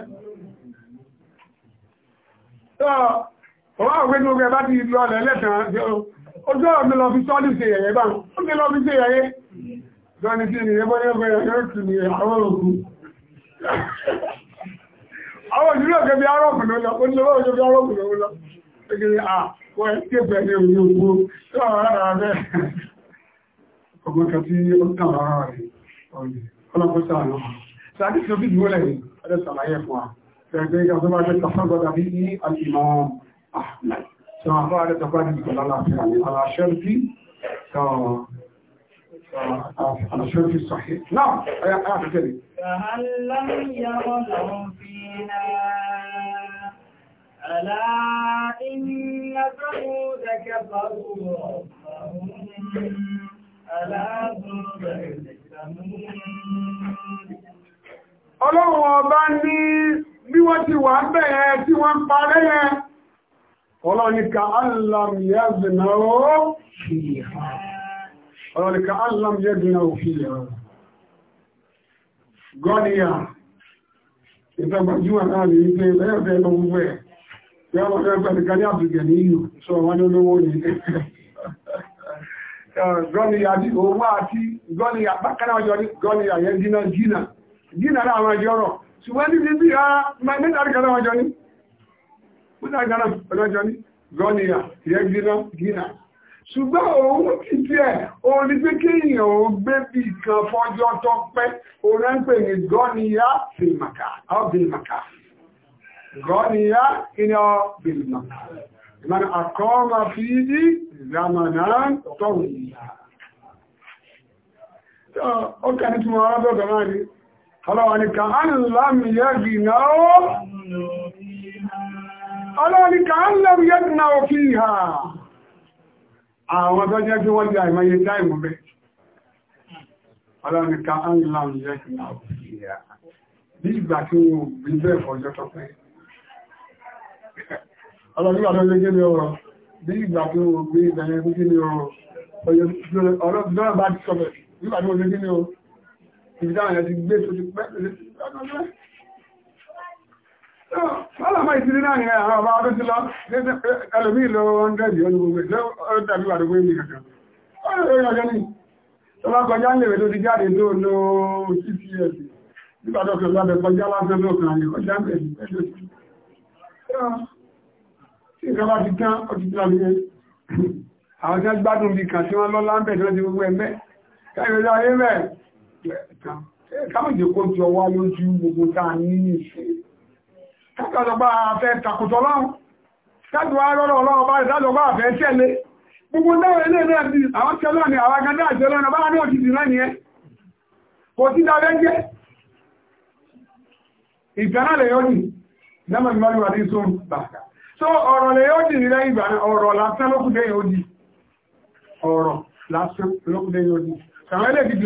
ọwọ́ ògbé ní ọgbẹ̀ bá ti lọ lẹ́lẹ́tàn ojú ọ̀rọ̀ mi lọ fi sọ́ọ́lì ṣe yẹ̀yẹ́ bá ó mi lọ fi ṣe yẹ̀yẹ́ lọ́ni sí ènìyàn bọ́ ní ọgbẹ́ yóò tù ní àwọn òkú àwọn òṣìṣẹ́ òkè bí arọ́pù ló lọ ó ní lọ́wọ́ òṣìṣẹ́ bí arọ́pù ló lọ ẹgbẹ̀rẹ̀ àwọn ẹgbẹ̀rẹ̀ ní òní òkú tó àwọn ará rẹ̀ ọgbọ̀n kan tí ó tàn ara rẹ̀ ọlọ́pọ̀sá àlọ́ sáàkì tí ó bí ìwọ́lẹ̀ yìí ọdẹ́ sàlàyé fún wa fẹ̀rẹ̀ so àmọ́ àrẹ tọ́gbà ní ìgbà lálàáfíà Ọlọ́run ọba ní bí wọ́n ti wà ń bẹ̀rẹ̀ tí wọ́n parẹ́ yẹn ọlọ́nìkà allam yẹ́zìnà òfìyà gọ́nìyà ìtàgbàjúwà láàrin ilé lẹ́yẹ̀fẹ́ lọ gbogbo ẹ̀ yọ́ wọ́n rẹ̀ pẹ̀lú kan ní àbìgẹ̀ ní ìlú sọ wọ́n ní olówó ní gọ́nìyà tí owó àti gọ́nìyà bákaná ọjọ́ ní gọ́nìyà yẹ́ jìnà jìnà jìnà láàrin ọjọ́ rọ̀ ṣùgbọ́n ah, ní bí i dágbára ọlọ́jọ́ ní gọ́nìyà ìyẹ́gbìnà gínà ṣùgbọ́n òun ti díẹ̀ òun ní pé kéèyàn ò gbé bí kan fọ́jọ́ tó pẹ́ òun ń pè ní gọ́nìyà bìlmàkà gọ́nìyà iná bìlmàkà ìmọ̀nà àkọ́ọ̀mà fi yí ìzàmànà tọ́wọ̀ ìyá ọkà ní túnmọ̀ arábẹ́ ọ̀gá náà ni ọlọ́wà ní kà á ń lámìyẹ́ gbìnà ọlọ́ni kàálẹ̀rù yẹ́dùnà òfin ìhà àwọn tó jẹ́ kí wọ́n jẹ́ àìmọye táìmù bẹ́ ọlọ́ni kàálẹ̀rù yẹ́dùnà òfin ìhà bí ìgbà tí wọ́n bí bẹ́ẹ̀ fọjọ́ tó pẹ́ ọlọ́ni wà lọ́jọ́ gẹ́lẹ́ ọ̀rọ̀ bí ìgbà tí wọ́n gbé ìgbẹ̀yẹn fún gẹ́lẹ́ ọ̀rọ̀ ọlọ́dún bá ti sọ Ọlọ́mọ ìsinmi náà ni àwọn ọba ọdún ti lọ, ẹlòmí ìlò 100 yóò ní gbogbo ìlú ọdún àdúgbò ìlú kankan. Ọlọ́rọ̀ ọjọ́ ní, tó bá kọjá ń lè rẹ̀ tó ti jáde tó lọ CCS, nígbàtọ̀kọ̀ lábẹ̀ kọjá lásán lókàn àyè kọjá ń bẹ̀rẹ̀ pẹ̀lú sí. Tí ìjọba ti tán, ó ti tán lóye. Àwọn tí wọ́n gbádùn bí kan tí wọ́n lọ láńbẹ̀ tó ti gbogbo ẹ̀mẹ́. Káyọ̀ kákàlọ́gbà afẹ́ takùtọ̀ lọ́run kájọ arọ́rọ̀ ọlọ́run bá ìdájọba afẹ́ tẹ́lẹ̀ gbogbo náà ilé náà di àwọn tẹ́lẹ̀ ni, àwọn agandá àjẹ́lẹ́ ọ̀nà bá ní òjìdì ni ẹ kò tí dáadẹ́ jẹ́ ìtẹ́nà so ọ̀rọ̀ lè yóò dì nílẹ̀ ìgbà ọ̀rọ̀ lásán lókùdé yóò dì ọ̀rọ̀ lásán lókùdé yóò dì kàwọn ilé ìdí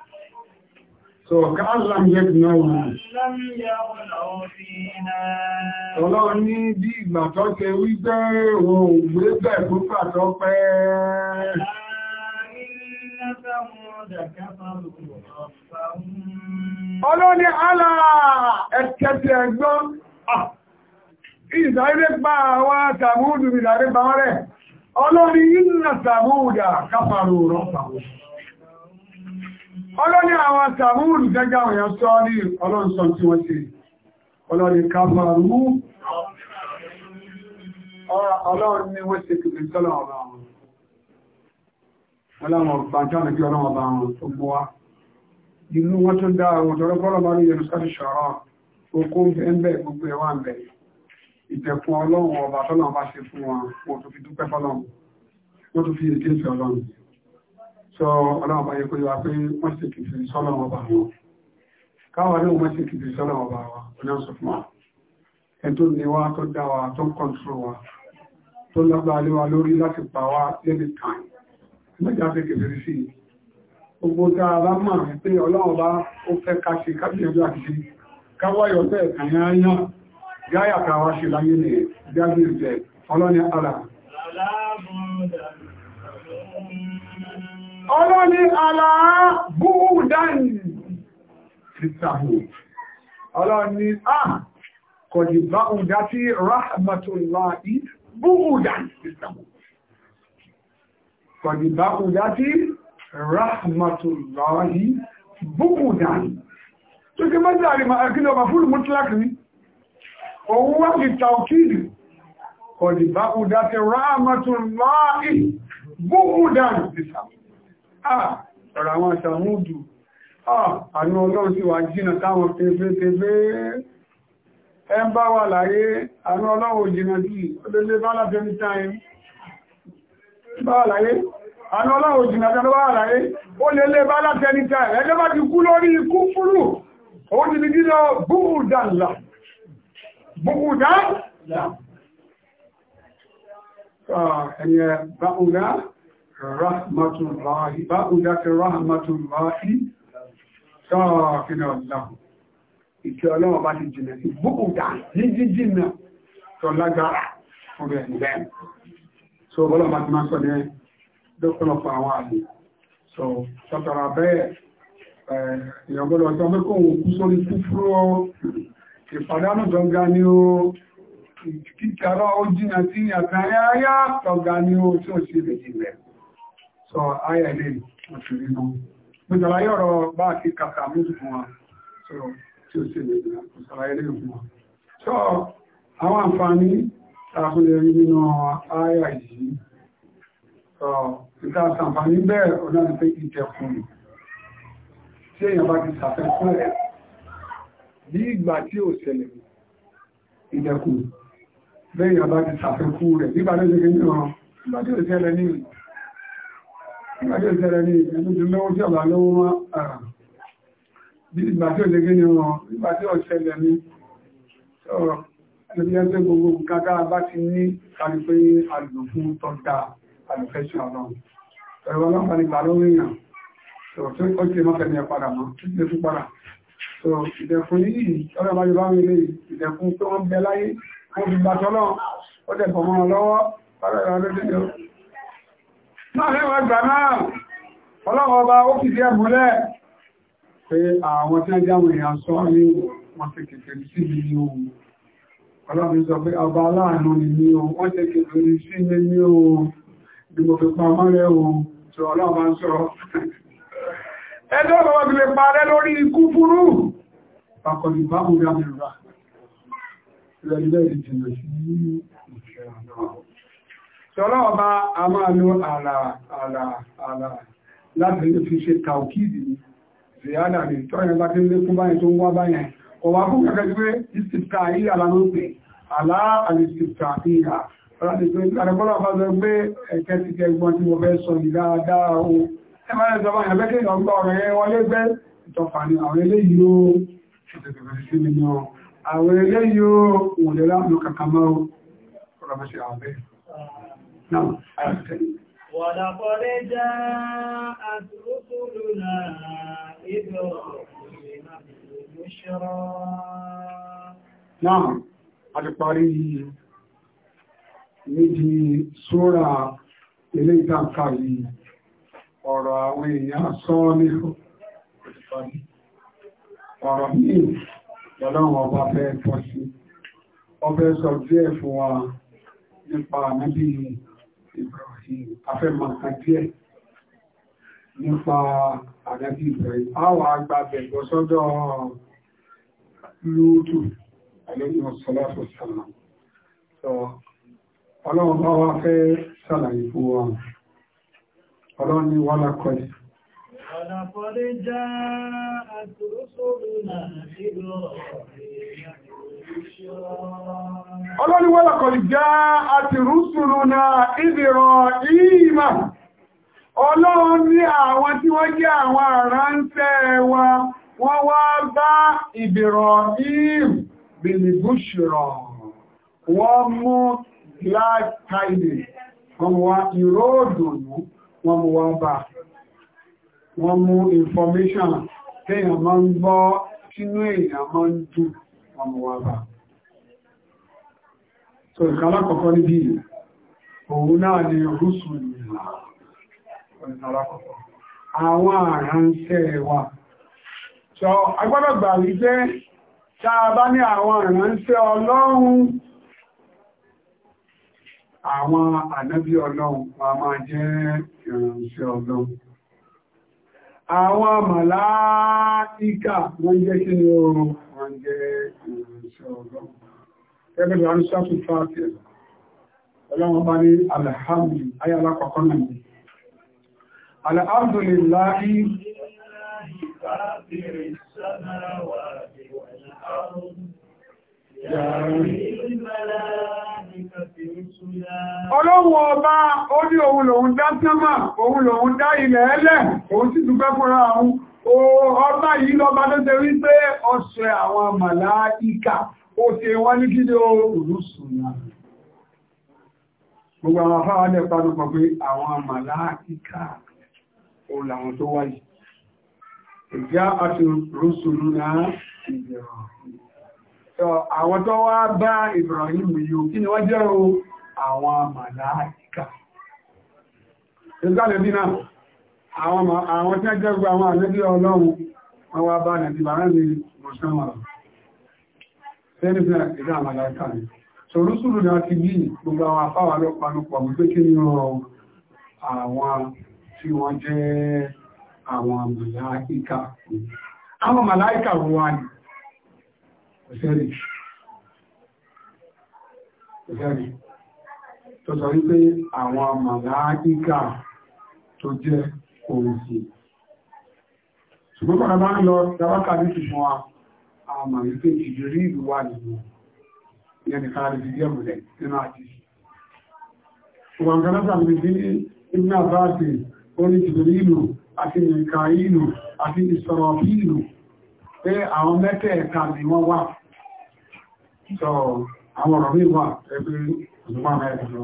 So, ka'an lam yẹ́gbìnà wọn. Ọlọ́run ní bí ìgbà tó ṣe wí pé wọn ò gbé bẹ̀ púpà tó pẹ́. Ọlọ́run ní àlà ẹ̀kẹ́tẹ̀ ẹ̀gbọ́n. Ìsàílé pa àwọn tàbúdù ìlàrí bá rẹ̀. Ọlọ́run ní ìrìnà tàbúdà káfàrò rọ́pàá ọlọ́ni àwọn tàbúrù gẹ́gẹ́ àwọn èèyàn sọ ní ọlọ́nsọ tí wọ́n ti ọlọ́ni kàfàrú ọlọ́ni wọ́n ti kìfì sọ́lọ̀ ọba wọn ọlọ́wọ̀n pàjáwà bí ọlọ́wọ̀n ọba wọn tó gbọ́ wá inú wọ́n tó dá àwọn tọ́lọ́pọ́lọ́ bá ní yẹnuskáṣì ṣọ̀rọ̀ okó ẹ̀ńbẹ̀ gbogbo ẹ̀wà ń bẹ̀ ìtẹ̀kùn ọlọ́wọ̀n ọba tọ́lọ́wọ̀n bá ṣe fún wọn wọ́n tó fi dúpẹ́ fọ́lọ́wọ̀n wọ́n tó fi èké sí ọlọ́run sọ ọlọ́run bá yẹ kó yíwa pé wọ́n sì kìí sí sọ́lọ́run ọba wọn káwọn ní wọ́n sì kìí ọba wa ọlọ́run sọ fún wa ẹni tó ní wa tó dá wa tó ń kọ́ńtró wa tó lágbàálé wa lórí láti pa wa lẹ́bi tàn mẹ́jà fi kìí sí i gbogbo tá a bá mọ̀ pé ọlọ́run ó fẹ́ ká ṣe kábíyànjú àti káwáyọ̀ bẹ́ẹ̀ kàyányán gáyà káwá ṣe láyé nìyẹn gágbé ìjẹ ọlọ́ni àlà. Àlàbùdà ọlọ́ni aláà búúdánì ìtàhù ọlọ́ni a kọ̀dì báúdá tí rahmatullahi búúdánì ìtàhù kọ̀dì báúdá tí rahmatullahi búúdánì tó kí mọ́ jàrí ma ẹkí lọ ma fúrù mútúlákì ní òun wá ìtàukìdì kọ̀dì báúdá tí rahmatullahi búúdánì Ah, ọ̀rọ̀ àwọn àṣàmúdù ah, àánú ọlọ́run sí wà jìnà táwọn tẹfẹ́tẹfẹ́ ẹ ń bá wà láyé àánú ọlọ́run jìnà sí olóòlé bá láfẹ́ ní táyé bá wà láyé àánú ọlọ́run jìnà sí bá wà láyé ó lè lé bá láfẹ́ ní táyé ẹgbẹ́ bá ti kú lórí ikú fúrù òun ti bí lọ búrúdàlà búrúdàlà ah, ẹ̀yẹ bá ń gá rahmatullahi bá ó dákẹ́ rahmatullahi sáàkínà ọ̀láhùn ìkẹ́ ọlọ́wọ́ bá ti jìnà sí búkúdá ní jíjìnà tó lágbára fún rẹ̀ nílẹ̀ so bọ́lọ̀ bá ti máa sọ ní dókùnlọpọ̀ àwọn àlè so sọ́tọ̀rọ̀ bẹ́ẹ̀ ìyọ̀gbọ́lọ̀ tí ó sì rẹ̀ jìnà sọ ayẹ̀lẹ́ òṣèré náà mo jàlàyé ọ̀rọ̀ bá àti kàkà méjì fún wa sọ tí ó sì lè ṣàlàyé lè fún wa sọ àwọn àǹfààní tààkùnlé rí nínú ayà yìí sọ ìta sàǹfààní bẹ́ẹ̀ ọ̀nà pé ìjẹkùn tí èèyàn bá ti sàfẹ́kún rẹ̀ bí ìgbà tí ò ṣẹlẹ̀ ìjẹkùn bẹ́ẹ̀ èèyàn bá ti sàfẹ́kún rẹ̀ nígbà tó ṣe kí ní ọ̀rọ̀ ìgbà tí ò ṣẹlẹ̀ ní ìlú Ìgbàjọ́ ìṣẹ̀rẹ̀ ní ìgbàjọ́ lọ́wọ́ tí ọ̀lá lọ́wọ́ máa àrà. Bí ìgbàjọ́ ìṣẹ̀gẹ́ ni wọn, ìgbàjọ́ ìṣẹ̀lẹ̀ ni. Sọ́rọ̀, ẹni bí ẹgbẹ́ gbogbo kàkà bá ti ní kàrí pé àlùfẹ́ fún tọ́ta àlùfẹ́ ṣàlọ́. Ẹ̀rọ ọlọ́pàá ni gbà lọ́wọ́ èèyàn. Sọ̀rọ̀ tó kọ́ sí ẹmọ́ fẹ́ ní ẹ padà mọ́, tí ó tún padà so ìdẹ̀kùn yìí ọ̀rẹ́ àbájọ bá ń rí ìdẹ̀kùn tó wọ́n bẹ láyé wọ́n ti gbàtọ́lọ́ ó dẹ̀kọ̀ mọ́ lọ́wọ́ láàrẹwà gbà náà ọlọ́wọ́ ọba ó fi sí ẹ̀múlẹ̀ pé àwọn tí wọ́n jáwọn èèyàn sọ ní wọ́n ti kèfèrí sí mi ní ohun ọlọ́run sọ pé ọba aláàánú ni ní ohun wọ́n ti kèfèrí sí mi ní ohun bí mo fi pa mọ́rẹ́ ohun tí ọlọ́run bá ń sọ ẹjọ́ ọba ti lè parẹ́ lórí ikú fúrú pàkọ̀lù bá mú rí àmì rà ìrẹ̀lẹ́ ìjìnlẹ̀ sí ìfẹ́ àdáwà sọ́lọ́wọ́ bá a máa lo ààlà ààlà ààlà láti fi ṣe tàùkìdì ziyada ní tọ́yẹn bá tí ń lé fún báyẹn tó ń wá báyẹn ọwá fún kẹ́kẹ́ tí pé ìsìtà yìí alámọ́pẹ̀ àlá àlìsìtà ìhà àrẹ́bọ́lá bá sọ pé ẹ̀kẹ́ ti kẹgbọ́n tí mo fẹ́ sọ ní dáadáa o ẹ máa ń sọ báyẹn bẹ́kẹ́ ìdọ̀gbọ́ sí àwọn eléyìí نعم ولقد جاءت رسلنا إبراهيم بشرى نعم القريب níbi sóra ilé ìtàkà yìí ọ̀rọ̀ àwọn èèyàn sọ ní ọ̀rọ̀ míì lọ́lọ́wọ́ ọba fẹ́ tọ́ sí ọbẹ̀ sọ díẹ̀ fún wa nípa ànábì yìí Ibrahim afẹ́mọ̀ kan díẹ̀ nípa ànábì Ibrahim àwọn àgbà bẹ̀gbọ́ sọ́dọ̀ lóòtù àlẹ́yìn ọ̀sọ́lọ́sọ̀ sàlá ọlọ́run bá wá fẹ́ sàlàyé fún wa ọlọ́run ni wọ́n lákọ̀ẹ́ كانت رسلنا Ọlọ́ni wọ́lá kọ̀ já àti rúsùlù náà ìdìrọ̀ ìmà. Ọlọ́run ní àwọn tí wọ́n jẹ́ àwọn àránṣẹ́ wa, wọ́n wá bá ìbìrọ̀ ìrù bìlìbùṣìrọ̀. Wọ́n mú láàkàìlì, wọ́n wá ìró òdùnú, wọ́n mú wọ́n bá. Wọ́n mú information téèyàn máa ń gbọ́ kínú èèyàn máa ń dùn ọmọ wa bá so ìkàlá níbi òun náà ni rúsùn ìlà àwọn àránṣẹ́ wa so agbọ́dọ̀ gbà wípé táa bá ní àwọn àránṣẹ́ ọlọ́run àwọn ànábí ọlọ́run máa máa jẹ́ ìrànṣẹ́ ọlọ́run àwọn màláíkà wọ́n jẹ́ kí ni oòrùn wọ́n jẹ́ ìrìnṣẹ́ ọlọ́run ẹgbẹ̀rẹ̀ arúṣàtù fàáfẹ́ ọlọ́run bá ní alhamdu ayé alákọ̀ọ́kọ́ náà alhamdulillahi Ọlọ́run ọba ó ní òun lòun dá lòun dá ilẹ̀ ẹlẹ̀ òun sì dúpẹ́ fúnra àwọn ọba yìí lọ́ba tó ṣe wípé ọ̀ṣẹ́ àwọn màláíkà ó ṣe wọ́n ní kí ní òòrùn gbogbo àwọn afáwà lẹ́ panupọ̀ pé àwọn màláíkà ó làwọn tó ìjá yìí ìgbàlẹ̀bí náà àwọn tí a jẹ́ gbogbo àwọn àlẹ́bí ọlọ́run àwọn abá nàìjí bàrá ní mọ̀sánmàrà tẹ́lifíà ìdá àmàlàkà ní sọ̀rọ̀sùrù náà ti bí gbogbo àwọn afáwà lọ́pàánúpọ̀ wípé kí ní àwọn tí wọ́n jẹ́ àwọn màláíkà àwọn màláíkà wọ́n ni ọ̀sẹ́rì tó tó jẹ́ òòsì ṣùgbọ́n bàbá bá ń lọ dáwákà ní ṣùgbọ́n wa àmà wípé ìrírí ìlú wà nínú ìyẹn nìkan àti ìdíyẹ mọ̀lẹ̀ nínú àti ṣùgbọ́n kan náà sàmì sí ibn abáàsì orí ìjìbìrí ìlú àti nìka ìlú àti ìsọ̀rọ̀ ìlú pé àwọn mẹ́tẹ̀ẹ̀ka ni wọ́n wà sọ àwọn ọ̀rọ̀ mi wà ẹgbẹ́ òṣùpá mẹ́rin lọ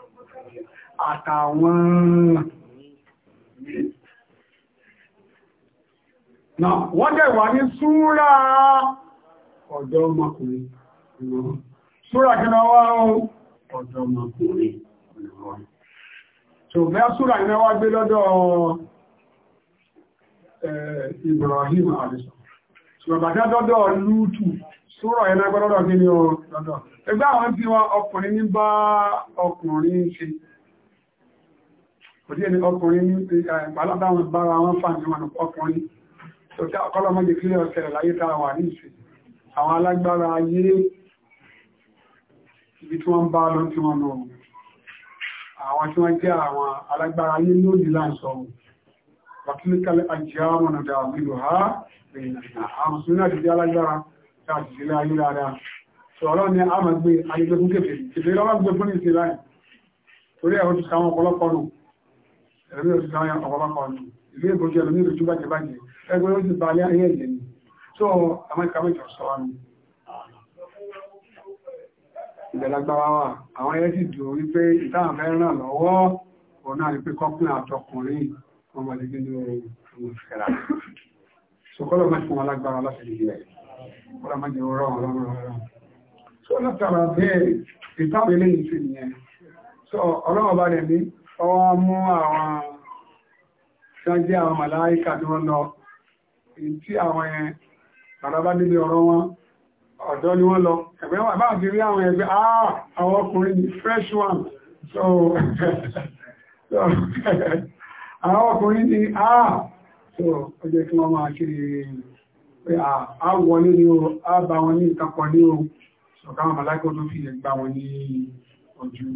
àtàwọn náà wọ́n dẹ̀ wà ní súúrà ọ̀dọ́ ọmọkùnrin súúrà kí náà wá ọ̀dọ́ ọmọkùnrin ṣògbẹ́ súúrà iná wá gbé lọ́dọ̀ Ibrahim àdìsọ̀ ṣùgbàbàtà dọ́dọ̀ lútù súúrà iná gbọ́dọ̀ kí ni ọ̀dọ̀ ẹgbẹ́ àwọn tí wọ́n ọkùnrin ní bá ọkùnrin ṣe kò díẹ̀ ní ọkùnrin ní alábáwọn bára wọn fà ní wọn ọkùnrin tó tí ọkọ́lọ́mọ́dé kílẹ̀ ọ̀sẹ̀rẹ̀ láyé tàà wà ní ìsìn àwọn alágbára ayé ibi tí wọ́n bá lọ tí wọ́n lọ àwọn tí wọ́n jẹ́ àwọn alágbára ayé lórí láǹsọ̀ pàtílíkàlẹ̀ àjíyàmọ̀nà dàbílò ha àwọn súnmọ́ àti alágbára láti sílẹ̀ ayé dáadáa sọ̀rọ̀ ni a máa gbé ayé gbé fún kèfèé kèfèé lọ́wọ́ gbé fún ẹ̀rí òṣìṣẹ́ àwọn ọ̀pọ̀lọpọ̀ ọ̀nà ìlú ìbòjú ẹ̀rọ ní ìròjú bàjẹ́ bàjẹ́ ẹgbẹ́ ó sì ba ayé ẹ̀jẹ̀ ni tó amẹ́ríkà mẹ́jọ sọ wa nù. ìdẹ̀lágbára wa àwọn ẹ̀yẹ́ sì dùn orí pé ìtàwọn lọ́wọ́ òun náà ni pé kọ́kùnrin àtọkùnrin ọmọdé nínú ọmọ ìfẹ́ra sọkọ́lọ̀ máa fún alágbára láti lè rẹ̀ kọ́lá máa jẹ́ ọ̀rọ̀ ọ̀rọ̀ so látara bẹ́ẹ̀ ìtàwé lẹ́yìn sí nìyẹn so ọlọ́wọ́ bá rẹ̀ ọwọ́ mú àwọn ṣájẹ́ àwọn màláíkà ní wọ́n lọ tí àwọn yẹn bàbá níbi ọ̀rọ̀ wọn ọ̀dọ́ ni wọ́n lọ ẹgbẹ́ wà bá ti rí àwọn ẹgbẹ́ ah, àwọn ọkùnrin ni fresh one so àwọn ọkùnrin ni ah so ó jẹ́ kí wọ́n máa kiri pé àwọ̀ ah, ní ni ó bá wọn ní ìtàpọ̀ ní ó sọ̀káwọn màláíkà tó fi ẹgbà wọn ní ojú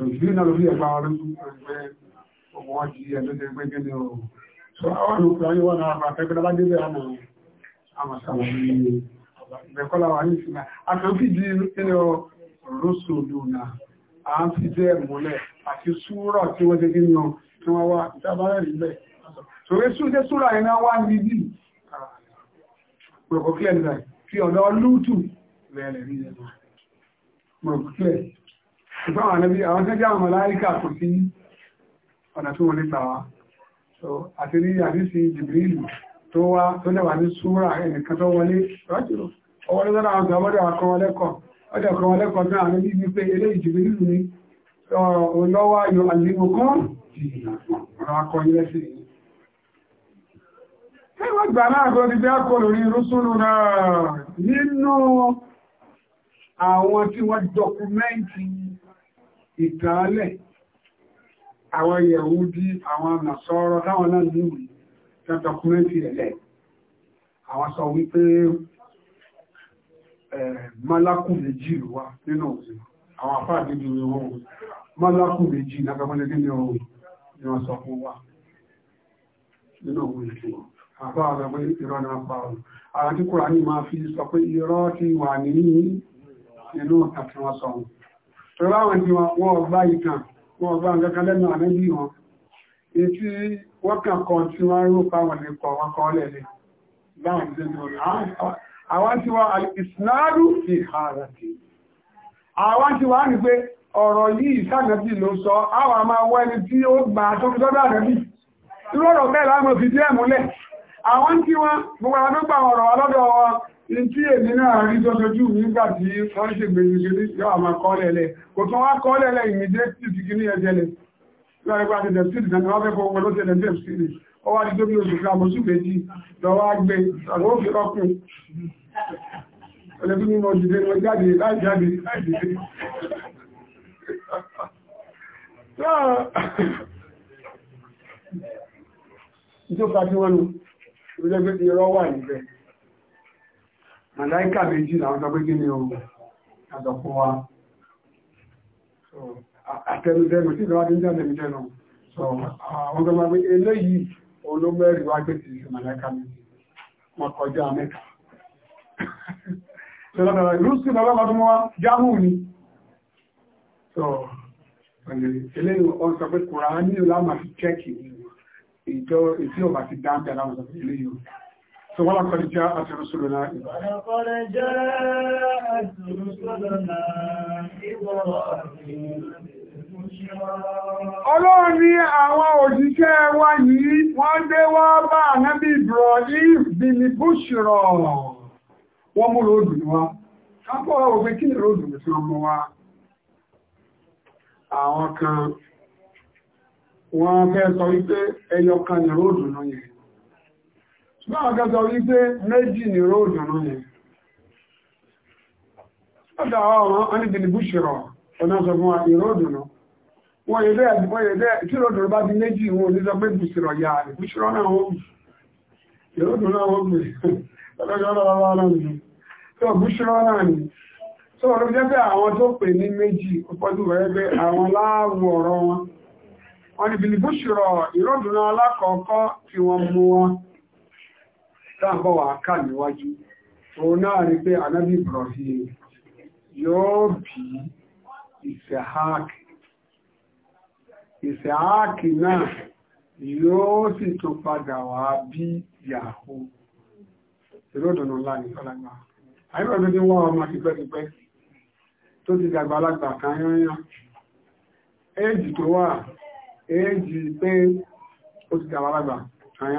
òṣìṣẹ́ náà lórí ẹ̀bá ọdún ẹgbẹ́ ọmọ wọn ti ẹ̀lọ́dẹ̀ ẹgbẹ́ gẹ́gẹ́ ọ̀rọ̀ so àwọn olùkùnrin wọn náà bá fẹ́gbẹ́ bá débẹ̀ àmà àmà sàwọn ìbẹ̀kọ́lá wà ní ìsinmi àtọ́kì jí ilẹ̀ rọ́sọ̀lù náà à ń fi jẹ́ ìmúlẹ̀ àti súrà tí wọ́n ti gínú tí wọ́n wá ìjábára ìlẹ̀ sọ̀rọ̀ sún jẹ́ súrà iná wá níbi pẹ̀kọ̀kẹ́ ṣùgbọ́n àwọn ẹbí àwọn tẹ́jẹ́ àwọn màláíkà kò sí ọ̀nà tó wọlé gbà wá so àti rí àdísí jìbìrìlù tó wá tó lẹ́wà ní súra ẹnìkan tó wọlé rọ́jùrò ọwọ́ ló lọ́nà àwọn ọmọdé akọ wọn lẹ́kọ̀ọ́ ọjọ́ kan wọn lẹ́kọ̀ọ́ náà ní bíbí pé eléyìí jìbìrìlù ni ọlọ́wà yọ àlìmọ̀ kan ọ̀rọ̀ akọ yẹn lẹ́sìn yìí. ṣé wọ́n gbà náà tó ti bí akọ lórí rúṣùnù náà nínú àwọn tí wọ́n dọkumẹ́ǹtì ìtàálẹ̀ àwọn Yẹ̀húdí àwọn nàṣọ́rọ̀ táwọn náà ní ìwé tẹ́tọkúnmẹ́tì ẹ̀lẹ̀ àwọn sọ wípé málákù méjì ló wá nínú òsìn àwọn afá àdébí wọn málákù méjì lágbàmọ́lẹ́gbẹ́ ni wọ́n sọ fún wa nínú òun ìṣẹ́ fi tọ́lá wọn ni wọ́n ọgbá ìtàn wọ́n ọgbá nǹkan lẹ́nu àmẹ́bí wọn etí wọ́n kàn tí wọ́n rú páwọn lè wọn kọ́ lẹ́lẹ́ báwọn ti lọ àwọn tí wọ́n ìsìláàrù àwọn tí wọ́n á ní pé ọ̀rọ̀ yìí àwọn tí ó gbà tó fi sọ́dọ̀ ànàbí àwọn tí wọ́n gbogbo àwọn tí èmi náà rí tọ́tọ́jú nígbà tí wọ́n ṣe gbèsègbè yọ àmà kọ́lẹ̀lẹ̀ kò tán wá kọ́lẹ̀lẹ̀ ìmìdẹ́tì ti kí ní ẹjẹ́lẹ̀ lọ́rẹ̀pá ti dẹ̀pítì náà wọ́n fẹ́ fọ́ ọmọ lọ́tẹ̀ dẹ̀pítì ó wá di tó bí oṣù kàmọ́sù méjì lọ́wọ́ gbé àwọn òfin ọkùn ẹlẹ́bí mímọ̀ jìdé lọ jáde láì jáde láì jìdé ìjọba tí wọ́n nù màláíkà méjì làwọn sọ pé kí ni ohun àjọ fún wa àtẹnudẹnu tí ìlú adé ń jáde mi jẹnu sọ àwọn ọmọ pé eléyìí olómẹ́rì wá gbé ti ṣe màláíkà méjì wọn kọjá mẹ́ta sọlọ́dọ̀ ìlú sí lọ́lọ́mọ tó mọ́ jámù ni sọ eléyìí ọ sọ pé Kùránì láwọn máa fi chẹ́kì ìjọ ìtí ò bá ti dáńtẹ̀ láwọn sọ pé eléyìí ولقد جاءت رسلنا ولقد جاءت رسلنا Ọlọ́run ní àwọn òjíṣẹ́ wa yìí wọ́n dé wá bá ànábì Ibrahim bìlì búṣìrọ̀ wọ́n mú ròdù wá. Kápọ̀ òwe kí ni ròdù tí wọ́n mú wá? Àwọn kan wọ́n fẹ́ sọ wípé ẹyọ kan ni ròdù náà yẹn. Ṣùgbọ́n àgbàgbà wípé méjì ni róòdù náà yẹn. Ọ̀dà ọ̀rọ̀ ọ́nìbìnì búṣìrọ̀ ọ̀nà sọ fún ìróòdù náà. Wọ́n yẹ bẹ́ẹ̀ wọ́n yẹ bẹ́ẹ̀ tí róòdù bá di méjì wọn ní sọ pé búṣìrọ̀ yà rẹ̀ búṣìrọ̀ náà wọ́n gbé. Ìróòdù náà wọ́n gbé. Ọlọ́jọ́ ọlọ́wọ́ náà ni. Sọ búṣìrọ̀ náà ni. Sọ ọ̀rọ̀ jẹ́ pé àwọn tó pè ní náà alákọ̀ọ́kọ́ tí wọ́n mú táàbọ̀ wà ká níwájú òun náà rí pé anábì Ibrahim yóò bí ìsẹ̀háàkì ìsẹ̀háàkì náà yóò sì tó padà wá bí yàhó ìlódùnú ńlá ní ọlágbà àìbọ̀ tó ti wọ́n ọmọ tipẹ́tipẹ́ tó ti dàgbà alágbà kan yányán tó wà éèjì pé ó ti dàgbà alágbà kan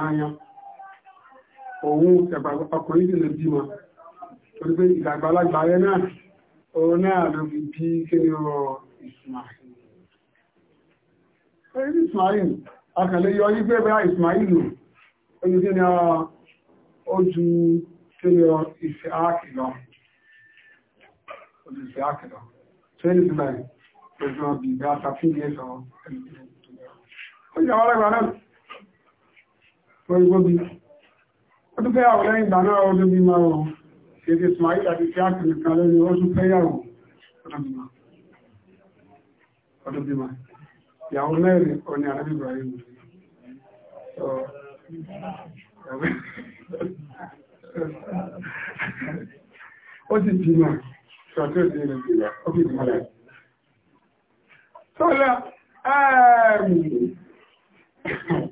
òun ọkùnrin sì lè bímọ torí pé ìgbàgbàlagbà rẹ náà òun náà ló fi bí kíni ọ Ismail ẹni Ismail akàlẹ̀ yọ yí pé bẹ́ẹ̀ Ismail ojú kíni ọ ojú kíni ọ ìfẹ́ àkìlọ ojú ìfẹ́ àkìlọ tó ẹni sílẹ̀ pẹ̀lú ọbí ìgbà àtàfíìyẹ sọ ẹni tó yọ ó yà wọ́n lẹ́gbàá náà wọ́n yí gbóbi ó tún fẹ́yàwó lẹ́yìn ìgbà náà ọdún bí máa wọ́n ṣe ti Ismail àti Isaac nìkan lórí ó fẹ́yàwó ọdún bí máa ìyàwó mẹ́rin oní àrẹ́bí Ibrahim ó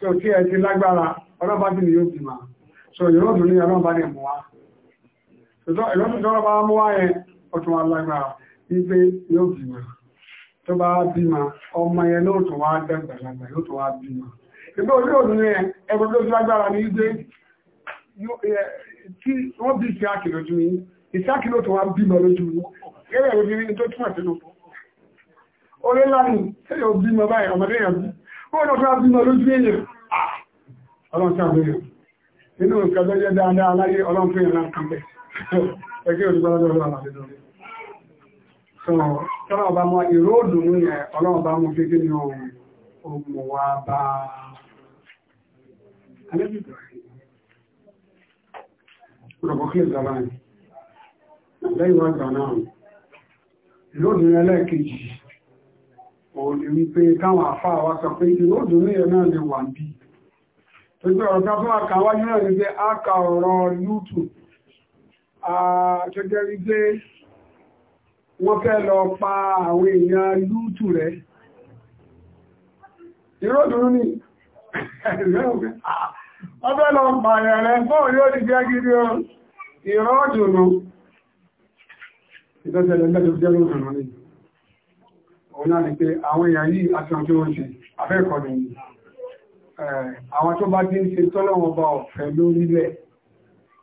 tí ó tí ẹ ti lágbára ọlọ́ba tí ni yóò fi mà so yóò tún ní ọlọ́ba ní ẹ̀mọ́ wa ìlọ́tún tọ́rọ bá mú wá yẹn ọtún wa lágbára wípé yóò fi mà tó bá bí ma ọmọ yẹn ló tún wá dẹ́gbẹ̀ lágbà yóò tún wá bí ma ìgbé orí òdún ní ẹgbẹ́ tó ti lágbára ní wípé tí wọ́n bí ìsì àkìlójú yìí ìsì àkìlójú wa bí ma lójú yìí kẹ́rẹ̀ lójú yìí tó bọ́ọ̀dọ̀ fẹ́ bí lọ lójú èèyàn ah, ọlọ́run sàbẹ̀rẹ̀ inú nǹkan tó jẹ́ dáadáa láyé ọlọ́run fún ìran kan bẹ̀ ẹgbẹ́ olùgbọ́lọ́dọ̀ ọlọ́run àdédọ́ so tọ́lá ọba mọ ìró òdùnú yẹn ọlọ́run bá mú gẹ́gẹ́ ní ohun wa bá lónìí ẹlẹ́ẹ̀kejì òun ni wípé káwọn àfáà wá sọ pé ìlú òdúnlé ẹ̀ náà lè wà bí tó gbé ọ̀rọ̀ ká fún àkàwájú náà ní pé a ka ọ̀rọ̀ lútù àtọ́jẹ́ wípé wọ́n fẹ́ lọ pa àwọn èèyàn lútù rẹ̀ ìró òdúnlé ni wọ́n fẹ́ lọ pa èèyàn rẹ̀ fún òní ó ti jẹ́ gidi ìró òdúnlé ìtọ́jẹ́ lẹ́gbẹ̀ẹ́ òun náà ni pé àwọn èèyàn yìí àti ọjọ́ oṣù abẹ́ẹ̀kọ́ ni àwọn tó bá dín ṣe tọ́lọ́wọ́n bá ọ̀fẹ́ lórílẹ̀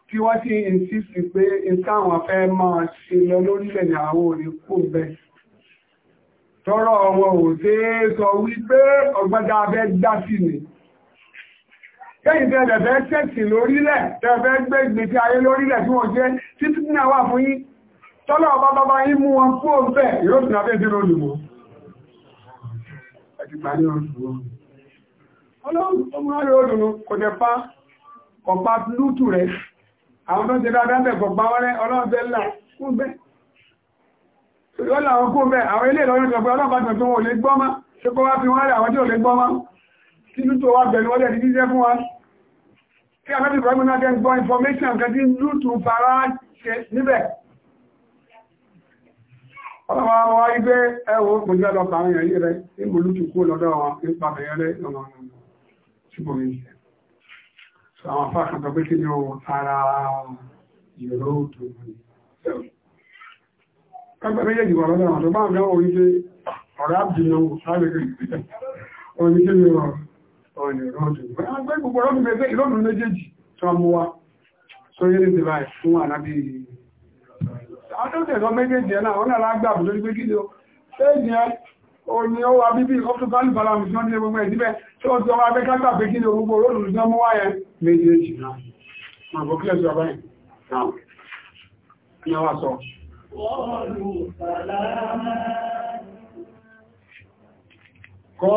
tí wọ́n ti insist pé nǹkan afẹ́ máa ṣe lọ lórílẹ̀ ní àwọn òní kò bẹ́ tọ́rọ wọn ò dé sọ wípé ọgbọ́dá abẹ́ dá sí ni kẹ́yìn tẹ́ ẹ̀dẹ̀fẹ́ tẹ̀sì lórílẹ̀ tẹ́fẹ́ gbé gbèsè ayé lórílẹ̀ tí wọ́n jẹ́ títí náà wà fún yín tọ́lọ́ ọba bàbá yín mú wọn kú òun bẹ́ẹ̀ yóò tún abẹ́ sí lónìí àti parí oṣù wọn. Ọlọ́run tó mú rárí oṣù nù kò ọ̀pá lútù rẹ̀. Àwọn tó ti dáadáa bẹ̀ kọ̀ pa wọ́n rẹ̀ ọlọ́run là kú bẹ́. Ìwọ́n làwọn kú bẹ́ àwọn ilé ìlọrin sọ pé ọlọ́pàá tó tún lè gbọ́ mọ́. Ṣé kó wá fi wọ́n rẹ̀ àwọn tí ò lè gbọ́ mọ́? Kí lútù ọlọ́wọ́ wá ibé ẹwọ pẹ̀lú ọlọ́pàá àwọn èèyàn rẹ̀ ìmòlútù kú lọ́dọ̀ wọn nípa bẹ̀rẹ̀ rẹ̀ lọ́nà ṣùgbọ́n ìṣẹ́ so àwọn afá kan tọ́gbé kí ní ohun ara ìró tó wọ́n kẹgbẹ́ méjèèjì wà lọ́dọ̀ wọn tó bá àwọn orí pé ọ̀rọ̀ àbdìnà sáàbẹ̀kẹ́ orí kí ní ọ̀rọ̀ ìró tó wọ́n agbẹ́ gbogbo ọlọ́dún méjèèjì tó mú wa sóyé ní ti báyìí fún ànábì àtúntẹ̀sọ méjèèjì ẹ̀ náà wọ́n náà lágbàbù lórí pé kílò ṣéèjì ẹ o ní ó wà bíbí ọ́pùtùkálù balamu ní gbogbo ẹ̀díbẹ̀ tí ó ti ọwọ́ abẹ́kágbà pé kílò gbogbo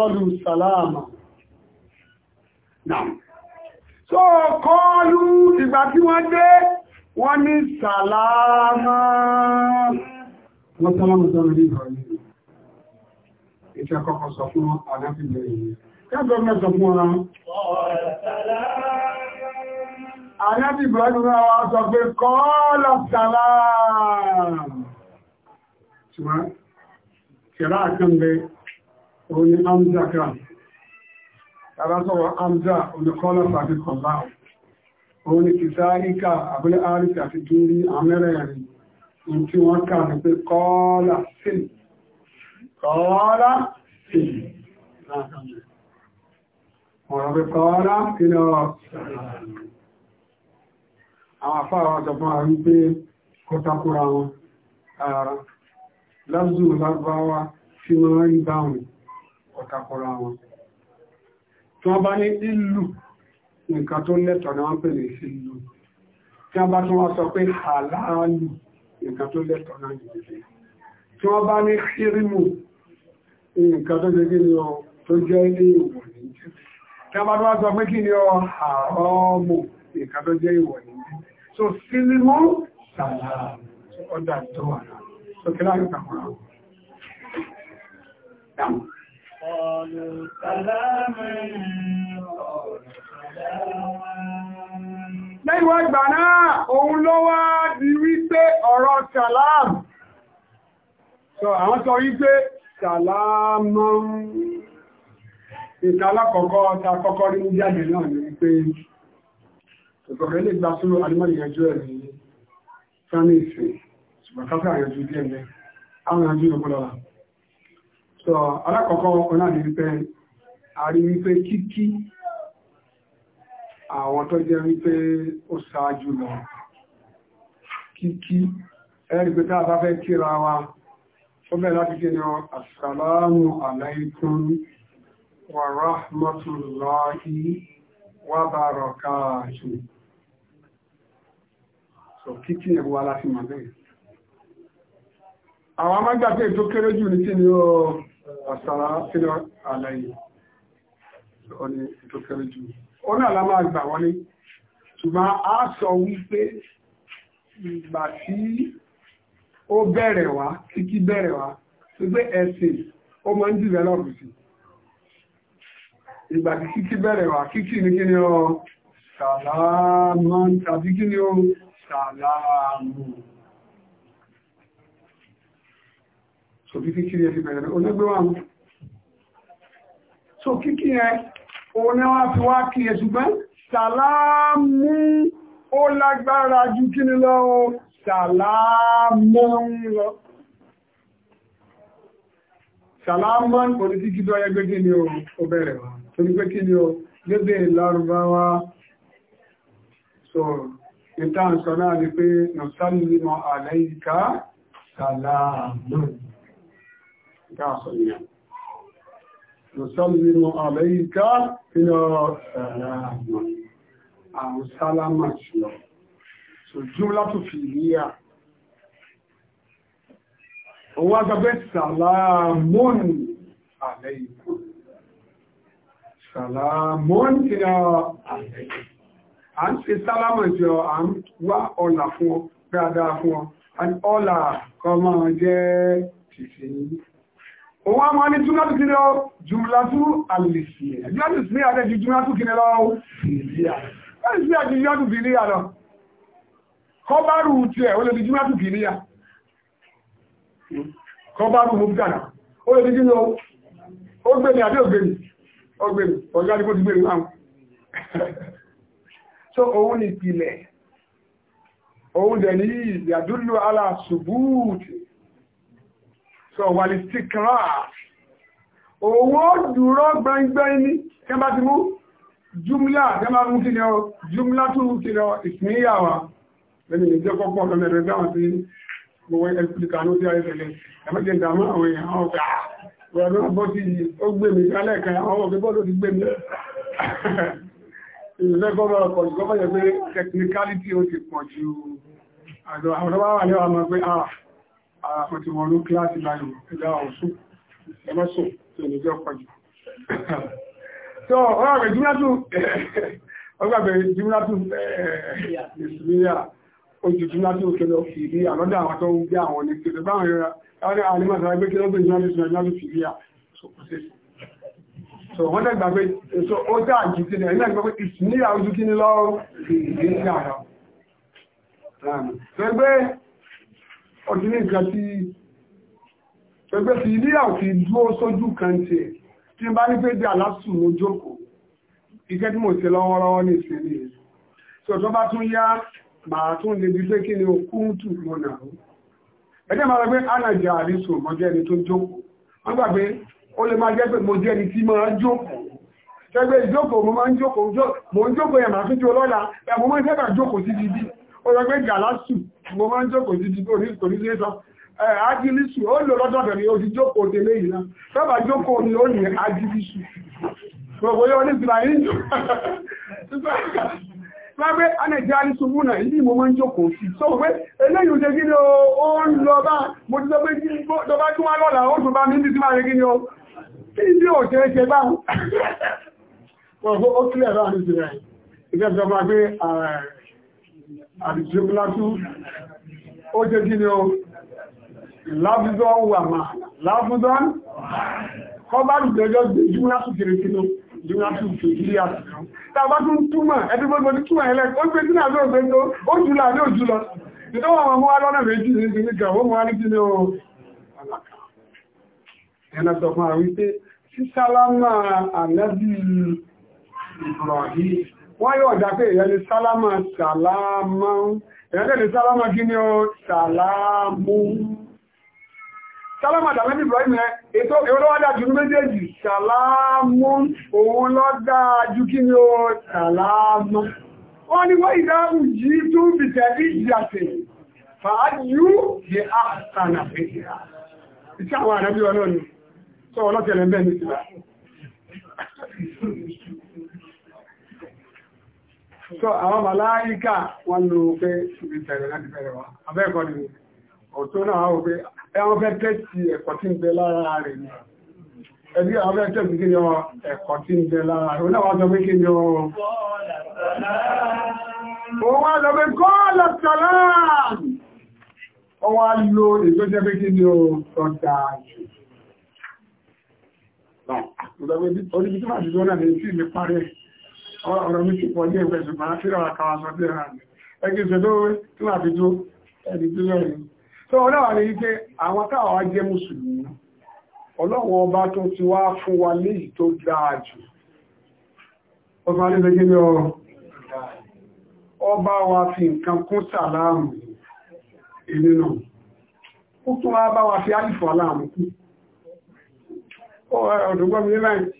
olóòrùn so kọlù ìgbà tí wọ́n dé wọ́n ní sàlámà wọ́n sálámà sọ́rọ̀ ní ìrọ̀ yìí ìṣẹ́ kọ́kọ́ sọ fún àdáfíìlẹ̀ yìí kẹ́bẹ̀ ọmọ sọ fún ọ̀rọ̀ Àyábì Ibrahim náà wá sọ pé kọ́ọ̀lọ̀ sàlámà ṣùgbọ́n kìrá àkànbẹ̀ òun ni Amza kan. Tàbá sọ̀rọ̀ Amza, òun ni kọ́ọ̀lọ̀ sàbí kọ̀láwọ̀ òun ni kìsáríkà abúlé àríkì àti gírí amẹ́rẹ̀ẹ̀rin in tí wọ́n kà ní pé kọ́ọ́lá sí kọ́ọ́lá sí ọ̀rọ̀ pé kọ́ọ́lá sí lọ àwọn afára ọjọ́gbọ́n àrí pé kó takúra wọn ara lásù lágbàáwá tí wọ́n rí báwọn ọ̀takúra wọn tí wọ́n bá ní ìlú nǹkan tó lẹ́tọ̀ ni wọ́n pè ní sílù tí wọ́n bá tún wọ́n sọ pé àláàlù nǹkan tó lẹ́tọ̀ náà nìyẹn tí wọ́n bá ní hírímù nǹkan tó jẹ́ gíní tó jẹ́ ilé ìwọ̀ ní jẹ́ tí wọ́n bá tún wọ́n sọ pé kíní ọ àrọ́mù nǹkan tó jẹ́ ìwọ̀ ní jẹ́ so sílùmù sàlàmù ọ̀dà قالوا سلاما قالوا lẹ́yìn wá gbà náà òun ló wá di wípé ọ̀rọ̀ salam sọ àwọn sọ wípé salamu ìta alákọ̀ọ́kọ́ ta kọ́kọ́ rí ní jáde náà ní wípé ìgbọ̀rẹ́ lè gbà sóró alimọ́lìyànjú ẹ̀rí sáàmì so alákọ̀ọ́kọ́ ọ̀nà ní wípé àrí wípé àwọn tó jẹ́ wípé ó ṣáájú lọ kíkí ẹ̀rí pé táà fẹ́ kíra wa ó bẹ̀ láti kí ni assalamu alaikum wa rahmatullahi wa barakatuh so kíkí ẹ̀bù wa láti mọ̀ bẹ́ẹ̀ àwọn amágbàgbé tó kéré jù ní kí ni ó assalamu alaikum wa ó náà lá máa gbà wọlé ṣùgbọ́n a sọ wípé ìgbà tí ó bẹ̀rẹ̀ wá kíkí bẹ̀rẹ̀ wá wípé ẹ̀sìn ó máa ń develop sí ìgbà tí kíkí bẹ̀rẹ̀ wá kíkí ní kí ni ọ sàlámà tàbí kí ni ó sàlámù so kíkí kí ni ẹ ti bẹ̀rẹ̀ onígbéwàmù so kíkí yẹn òun ni wọ́n fi wá kí è ṣùgbọ́n sàlámù ó lágbára ju kí ni lọ o sàlámù lọ sàlámù kò ní títí tó ẹgbẹ́ kí ni ó bẹ̀rẹ̀ wá torí pé kí ni ó lédè lárúbáwá sọ̀rọ̀ ìta sọ náà ni pé nàṣàlìmọ̀ àlẹ́ ìka sàlámù ìta sọ Nùsọ́lùmínú àlẹ́yíká nínú sàlámà, àwọn sálámà sí ọ. So, jùmlá tó fi ìlíyà. Owó agbẹ́ sàlámùn àlẹ́yíkú. Sàlámùn nínú àlẹ́yíkú. À ń ṣe sálámà jọ, à ń wá ọ̀nà fún ọ, dáadáa fún ọ. Ọ̀là kọ máa jẹ́ tìsí òun a máa ní túnlátù kí ní ọ jùmlátù alìsíyà jùmlátù sí àdẹ́ ju jùmlátù kí ní lọ fìdíà láti sí àti jùmlátù fìdíà lọ kọbárù tí ẹ̀ ó lè di jùmlátù fìdíà kọbárù mú gànà ó lè di jùmlọ ó gbẹ̀mí àbí so òun ni ìpìlẹ̀ òun dẹ̀ ní ìyàdúlò alásùbúùtì sọ wà ní stikra owó dúró gbẹngbẹng ní kí bá ti mú jùmlá kí bá mú kí ni ọ jùmlá tó mú kí ni ọ ìsìnyíyà wa lẹ́nu ìjẹ́ pọ́pọ́ lọ́nà ẹ̀rẹ́ dáhùn sí gbogbo ẹ̀pìlìkànú tí a yẹ tẹ̀lé ẹ̀mẹ́jẹ̀ ìdààmú àwọn èèyàn àwọn ọ̀gá wọ̀rọ̀ bọ́ sí ó gbé mi kálẹ̀ kan àwọn ọ̀gá bọ́ọ̀lù ti gbé mi ìrẹ́ gọ́ọ̀rọ̀ ọkọ̀ ìgbọ́mọ̀ yẹ pé technicality ó ti pọ̀ ju àwọn ọ̀rọ̀ wà wà ní ọmọ pé ah àwọn tí wọ́n ló kíláàsì báyìí ẹ̀dá ọ̀ṣù ẹmọ́sùn tó lè jẹ́ ọ̀pọ̀ jù. tó ọgbàgbẹ̀ jùmọ́tù ọgbàgbẹ̀ jùmọ́tù ìsìlẹ́yà ojú jùmọ́tù òkèlè fìdí àlọ́dà àwọn tó ń gbé àwọn ní kèrè báwọn yọra láwọn alẹ́mọ̀sára gbé kéré ọgbẹ̀ jùmọ́tù jùmọ́tù fìdí à so wọ́n dẹ̀ gbàgbé èso ó dá àjù kí ni ẹ̀yìn náà gbàgbé ìsìlẹ́yà ojú kí ni lọ́rùn fìdí ọdún nǹkan tí pẹ̀pẹ́ fi ilé àti dúó sójú kan ti ẹ̀ tí n bá ní pé dé alásùn ló jókòó iṣẹ́ tí mo ṣe lọ́wọ́lọ́wọ́ ní ìsinmi yìí tí ọ̀tọ́ bá tún yá màá tún lè bí pé kí ni okun tù mọ́ nà ó ẹ̀jẹ̀ máa lọ pé ánàjà àrísò mọ́ jẹ́ ẹni tó jókòó wọ́n gbà pé ó lè máa jẹ́ pé mo jẹ́ ẹni tí máa jókòó tẹ́gbẹ́ ìjókòó mo máa ń jókòó mo ń jókòó yẹn màá fi ju ọlọ́la ẹ̀ mo máa ń fẹ́ mo máa ń jókòó títí tó ní sí sọ agilisu ó lò lọ́dọ̀ tẹ̀lé o ti jókòó tẹ̀lé yìí náà sábà jókòó ni ó ní agilisu gbogbo yóò ní sinmi àyín jù lábẹ́ anẹ̀jẹ́ alìsùnmù náà ìdí mo máa ń jókòó sí sọ pé eléyìí ṣe kí ni ó ń lọ bá mo ti sọ pé kí ló bá tún wá lọ́la ó tún bá mi ní sí máa rẹ kí ni ó kí ni ó ṣe é ṣe báwọn. wọ́n fọ́ ó kílẹ̀ báwọn ní sinmi àyín ìgbẹ́ àdìsíkúlátú ó jẹ́ kí ni ó lábúdọ́ wà máa lábúdọ́ kọbárù jẹjọ́ jẹ́ jùmúlátù kiri sínú jùmúlátù kiri àtìsíkú tàbá tún túmọ̀ ẹdúgbogbo túmọ̀ ẹlẹ́ ó gbé tí náà lóògbé tó ó jùlọ àdé òjùlọ ìtọ́wọ̀ àwọn ọmọ alọ́nà méjì ní ìgbìmí kan ó mú wá ní kí ni ó ẹ̀nà sọ fún àwípé sísálámà ànábì Ibrahim wọ́n yóò dá pé ìyẹn ni sálámà sàlámà ìyẹn tẹ́lẹ̀ sálámà kí ni ó sàlámù sálámà dàmẹ́bí Ibrahim ẹ ètò ìwọ́lọ́wọ́dá jù méjèèjì sàlámù òun lọ́dá jù kí ni ó sàlámù wọ́n ni wọ́n ìdáhù jí tún bìtẹ̀ ìjàtẹ̀ fàájú yẹ àtànà pé ìṣàwọn àdábí ọlọ́ni sọ ọlọ́tẹ̀lẹ̀ mẹ́rin so àwọn màláíkà wọ́n ló pé ibi tẹ̀rẹ̀ láti bẹ̀rẹ̀ wá abẹ́ẹ̀kọ́ ni ọ̀tọ́ náà wọ́n pé ẹwọ́n fẹ́ tẹ́tì ẹ̀kọ́ tí ń bẹ lára rẹ̀ ni ẹbí àwọn fẹ́ tẹ́tì kí ni ẹ̀kọ́ tí ń bẹ lára rẹ̀ náà wọ́n sọ pé kí ni ọ òun wá lọ pé gọ́ọ̀lọ̀ sọ̀lá ọwọ́ á lo ètò jẹ́ pé kí ni ọ sọ̀dà jù Ìgbàgbé orí bí tí máa ti tó náà lè fi mi parí ọ̀rọ̀ mi ti pọ̀ jẹ́ ìgbẹ̀sùn máa tí ọ̀rọ̀ kan sọ pé rà mí ẹgbẹ́ ìṣẹ́ tó wé tí wà fi tó ẹni tó lẹ́yìn tó ọlọ́wà ní wípé àwọn táwọn wá jẹ́ mùsùlùmí ọlọ́wọ́ ọba tó ti wá fún wa léyìí tó dáa jù ọba alẹ́gbẹ́gbẹ́ ní ọrọ̀ ọba wa fi nǹkan kún sàlámù ìlú náà ó tún wá bá wa fi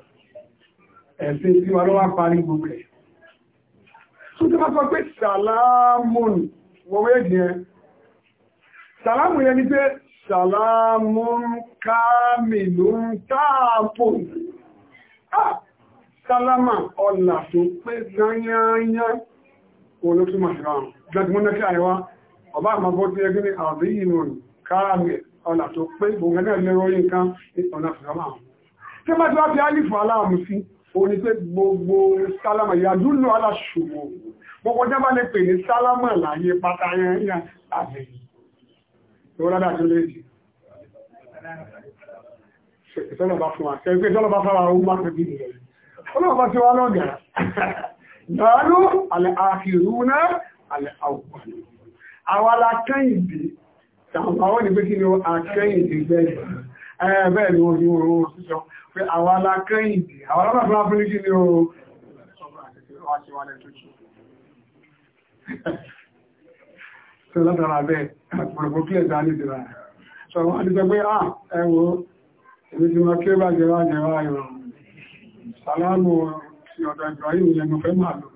ẹ̀sìn tí wọ́n wá parí gbogbo ẹ̀ tó tó máa sọ pé sàlámùn wọ́n wé jẹ́ sàlámùn yẹn ni pé sàlámùn kámìlùn táàpùn ah! sálámà ọlà tó pé gányányá olótúmọ̀ ìrọ̀rùn gbẹ̀gbẹ̀mọ́nà kí àríwá ọba àmàbọ́ tí ẹgbẹ́ ní àbí ìlú káàmì ọ̀nà tó pé gbogbo ẹgbẹ́ lẹ́rọ yìí kan ọ̀nà fìràmà tí ó bá ti wá fi álìfù aláàmù sí orí pé gbogbo sálámà ìyàdúlò aláṣòwò gbogbo jẹ́ bá lè pè ní sálámà láyé pátá yẹn yà àbẹ̀yìn tó rádà tó lè jì ìtọ́lọ̀bá fún wa kẹ́ pé ìtọ́lọ̀bá fára ó má pẹ̀bí ìrẹ̀ ọlọ́ọ̀bá tí wá lọ́gà dáadó alẹ́àkìrúnà alẹ́àwọ̀pàá àwọn alákẹ́yìndì tàbí àwọn ìgbékí ni ó akẹ́yìndì bẹ́ẹ̀ ni wọ́n ní oòrùn sísọ pé àwọn alákẹ́yìndì àwọn alábàbà afẹ́lẹ́kì ni ó sọ́lọ́tàrà bẹ́ẹ̀ pọ̀lọ̀pọ̀ kí ẹ̀ta ní ìdìrà sọ wọ́n ti sọ pé à ẹwọ́ èmi ti mọ́ kí ó bá jẹwà jẹwà ìrọ̀ sàlámù sí ọ̀dọ̀ Ibrahim lẹ́nu fẹ́ máa lò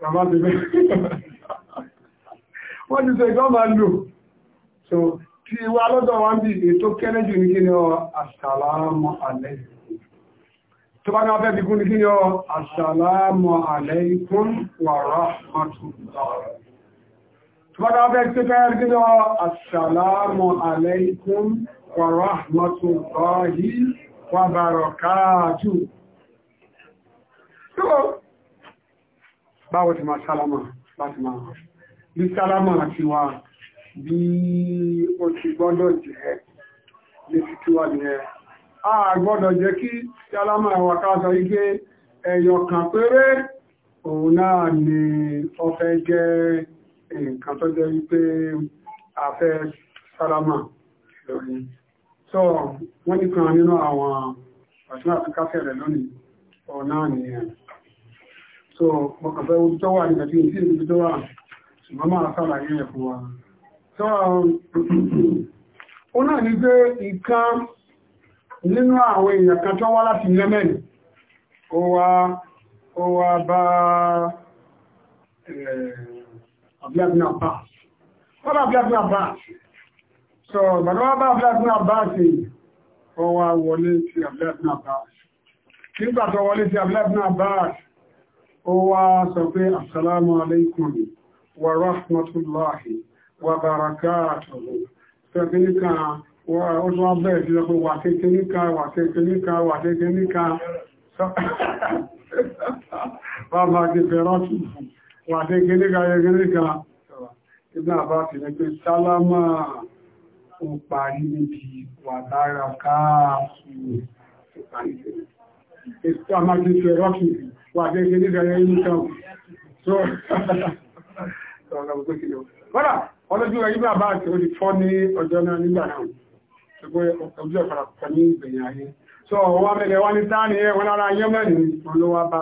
bàbá ti bẹ́ẹ̀ wọ́n ti sọ ìgbọ́ máa lò tí wá lọ́dọ̀ wá ń bí ìdè tó kẹ́lẹ́ jù ní kíni ọ àṣàlámù aláìkùn tó bá ní wá fẹ́ fi kún ní kíni ọ àṣàlámù aláìkùn wa rahmatullah tó bá ní wá fẹ́ báwo ti máa sálámà láti máa rí sálámà àti wàá bí ó ti gbọ́dọ̀ jẹ́ ní títí ní ẹ. A gbọ́dọ̀ jẹ́ kí sálámà wa ká sọ wípé ẹyọ kan péré òun náà ni ó fẹ́ jẹ́ nǹkan tó jẹ́ wípé a fẹ́ sálámà lórí. So, wọ́n ní kan nínú àwọn ọ̀ṣun àti káfẹ́ rẹ̀ lónìí, òun náà ni ẹ̀. So, mọ̀kànfẹ́ ojú tó wà nígbàtí ìsìn ìlú tó wà, ṣùgbọ́n máa sàlàyé ẹ̀ fún wa ó náà ní pé ìkan nínú àwọn èèyàn kan tó wá láti Yemen ó wá ó wá bá eh, abúlábínà Abbas wọ́n bá abúlábínà Abbas sọ bàbá wá bá abúlábínà Abbas ó wá wọlé ti abúlábínà Abbas nígbà tó wọlé ti abúlábínà Abbas ó wá sọ pé assalamu alaikum wa rahmatullahi wàbàràkáàtùhù tẹ́kíníkà ọjọ́ abẹ́ ìfìyàpò wà tẹ́kíníkà wà tẹ́kíníkà wà tẹ́kíníkà bàbá gẹ̀fẹ̀rọ́tù wà tẹ́kíníkà yẹgíníkà ibn abbas ní pé sálámà ó parí níbi wàbàràkáàtùhù wà tẹ́kíníkà yẹgíníkà Wọ́n wọ́n lójú rẹ̀ yíba bá àti orí fọ́ ní ọjọ́ náà nígbà náà ṣùgbọ́n ojú ẹ̀ pọ̀ ní ìgbẹ̀yìn ayé so wọ́n mẹ́lẹ̀ wọ́n ní sáà nìyẹn wọ́n lára yemen ni wọ́n ló wá bá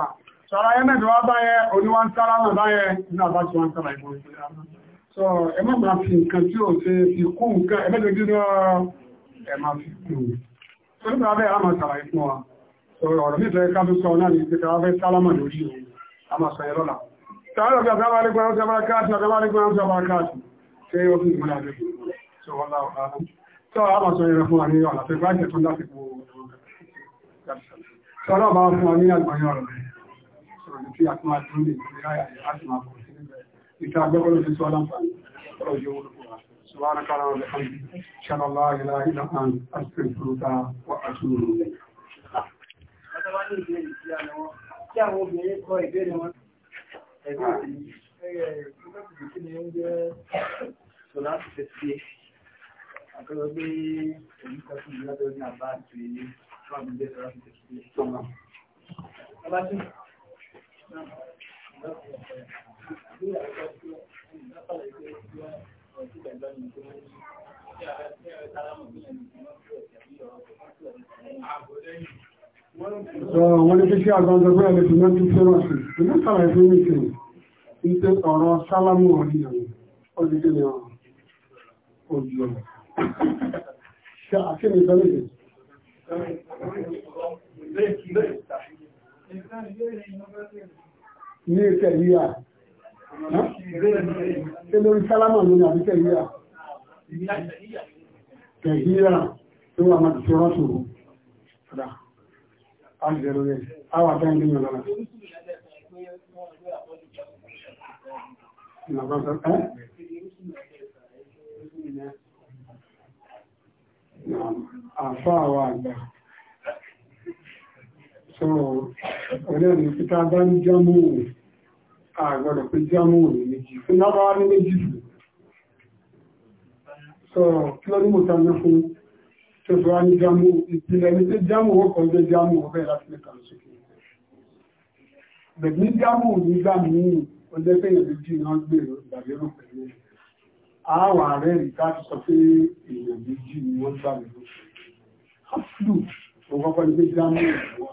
so ara yemen tó wá bá yẹ oníwọ́n sára náà bá yẹ wọ́n sára ìbọn ìpínlẹ̀ so ẹ má máa fi nǹkan tí ò ṣe fi kú nǹkan ẹ mẹ́jọ ẹ máa fi kú so nígbà bẹ́ẹ̀ a máa sára ìfún wa so ọ̀rọ̀ mi fẹ́ ká tó sọ náà ní pé ká fẹ́ sálámà tí ó fi ìmúra rẹ̀ tó wọ́n láwọ́ ara. Tó a máa sọ ẹrẹ fún wa ní ọ̀nà tó gbájẹ̀ tó láti po Sọ́lọ́ bá fún wa ní àgbáyé ọ̀rọ̀ rẹ̀. Sọ̀rọ̀ tí a máa dúró lè fi ráyà rẹ̀ láti máa bọ̀ sí níbẹ̀. Ìta agbẹ́kọ̀ọ́ fi sọ láǹfààní. Ọ̀rọ̀ yóò wọ́n fún wa. Subhanahu wa ta'ala wa bihamdihi. Shana Allah ila ila an astaghfiruka wa kí ni ó jẹ́ sọ̀rọ̀ àti tẹ̀sí ẹ̀ àtọ́jọ́ pé èyí kan fún mi látọ̀ ní àbá àti ilé fún àmì tí wọ́n ní fẹ́ràn sí ìlú sàlàyé fún mi kìí ìpé ọ̀rọ̀ sálámù orí ọdíkẹ́lẹ̀ ojú ọ̀rọ̀. Ṣe àkíni sọ́lẹ̀ yìí? Ní ìkẹ̀ yíyà. Ṣé lórí sálámù lórí àbíkẹ̀ yíyà? Kẹ̀ yíyà tó wà máa ti rọ́sù. Àjẹ́rò rẹ̀, àwọn àjẹ́ ìgbìyànjú lọ́la àfáà wa àgbà so ọ̀rẹ́ ni pítà bá ń jámù àgbọ̀dọ̀ pé jámù ní méjì fún lábáwá ní méjì fún so kí ló ní mo ta ní fún tó tó wá ní jámù ìpìlẹ̀ ní pé jámù ó kọjọ jámù ọ̀bẹ̀ láti lè kàn sókè bẹ̀bí jámù nígbà míì ó jẹ́ pé èèyàn méjì náà gbèrò ìgbàlérò pẹ̀lú àwọn ààrẹ rí káàkiri sọ pé ni wọ́n gbàlérò áflù tó kọ́kọ́ ní pé jámù ló wá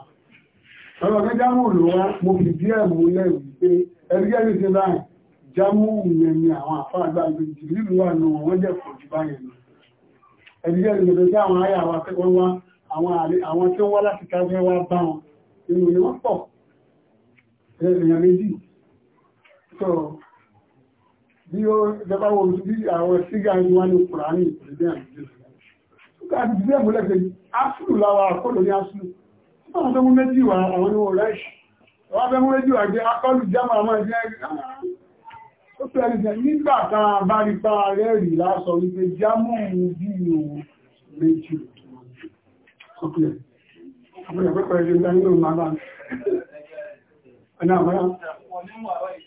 ọ̀rọ̀ pé jámù ló wá mo fi díẹ̀ mú lẹ́rù pé ẹ̀rí ẹ̀rí ti báyìí jámù yẹn ni àwọn àfáà gbàgbé jìbìlì wà nù wọ́n jẹ́ pọ̀ jù báyẹn lọ ẹ̀rí ẹ̀rí ti bẹ̀rẹ̀ àwọn ayé àwọn akẹ́kọ̀ọ́ wá àwọn tí ni wọ́n so bí ó jẹba wo bí àwọn sígá ní wọ́n ní kùránì ìpínlẹ̀ ah, Ó fẹ́ ìjẹ̀ nígbàtà bá rí pa rẹ̀ rí lásọ wípé jámù bí òun méjì ọkùnrin. Ọkùnrin pẹ́pẹ́ ìjẹ̀ ìdáyé òun máa bá ní. Ẹni àmọ́ra. Wọ́n ní wà báyìí.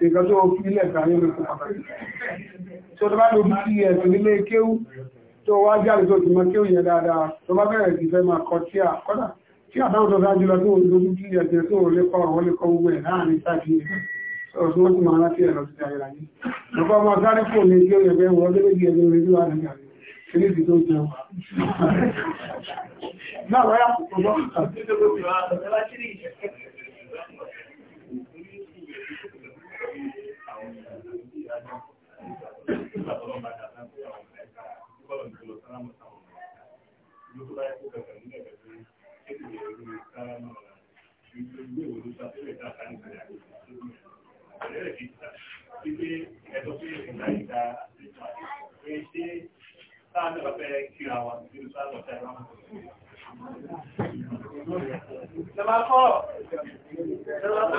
ìkan tó fi ilẹ̀ kàáyé lè fún pàtàkì tó tó bá lò bí i ẹ̀sùn nílé kéwú tó wá jáde tó ti mọ kéwú yẹn dáadáa tó bá bẹ̀rẹ̀ sí fẹ́ máa kọ tí a kọ́dà tí àtàwọn tó dájú lọ tó ń lo bí i ẹ̀sùn tó lè kọ́ ọ̀rọ̀ lè kọ́ gbogbo ẹ̀ láàrin sáàkì ọ̀sùn 那合同搬家，但是要我们来干，不可能租了那么长我们来干。有时候来负责营业，就是经理，就是讲那个，去去维护销售，就是干这个的。嗯，而且是，这些，很多些平台，现在，微信，那个被替换完，就是网络代商。那么好，那么好。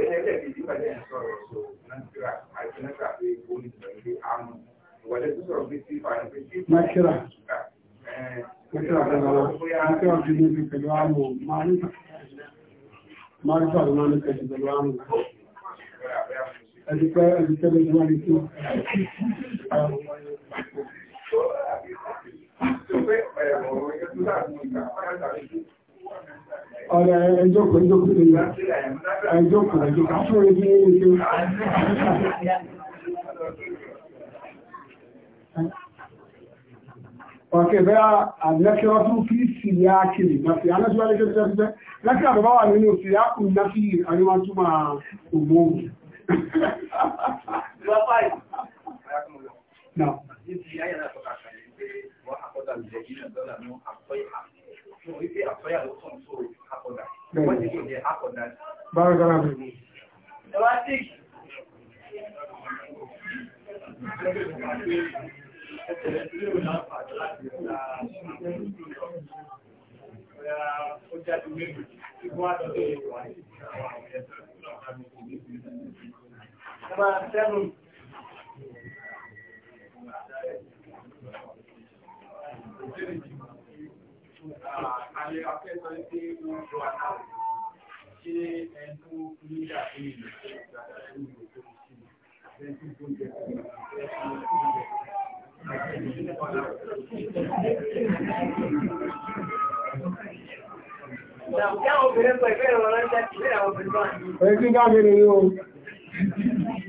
Ìyẹn ẹlẹ́ẹ̀kejì nígbà tí ẹ̀ ń sọ̀rọ̀ èso Nàìjíríà àti Nàìjíríà pé ó ní ìgbàlódé àmú. Ìwọlé tó sọ̀rọ̀ pé tífà ni pé tífà. Nàìjíríà. Nàìjíríà bẹ̀rẹ̀ lọ. Nàìjíríà ti ní ti pẹ̀lú àmú. Márífà ló máa ń kẹ̀sì pẹ̀lú àmú. Ẹ̀dùpẹ́ ẹ̀dùpẹ́ ló ti wá ní tó. Tó pé ọ̀rọ̀ ẹ̀yẹ́ tó dà Ọ̀rẹ́ ẹjọ́kùn ẹjọ́kùn lè yá. Ẹjọ́kùn ẹjọ́kùn fún orí ní ilé. Ọ̀kẹ́ bẹ́ àdínẹ́kẹ́wọ́ fún kí sì yá kìrì náfi. Alẹ́síwá lẹ́kẹ́ tẹ́ fẹ́ lẹ́kẹ́ àbúbá wà nínú sí yá kù náfi àríwá túnmà ògbó. Now. Bárakàlá mi. lágbèrè yóò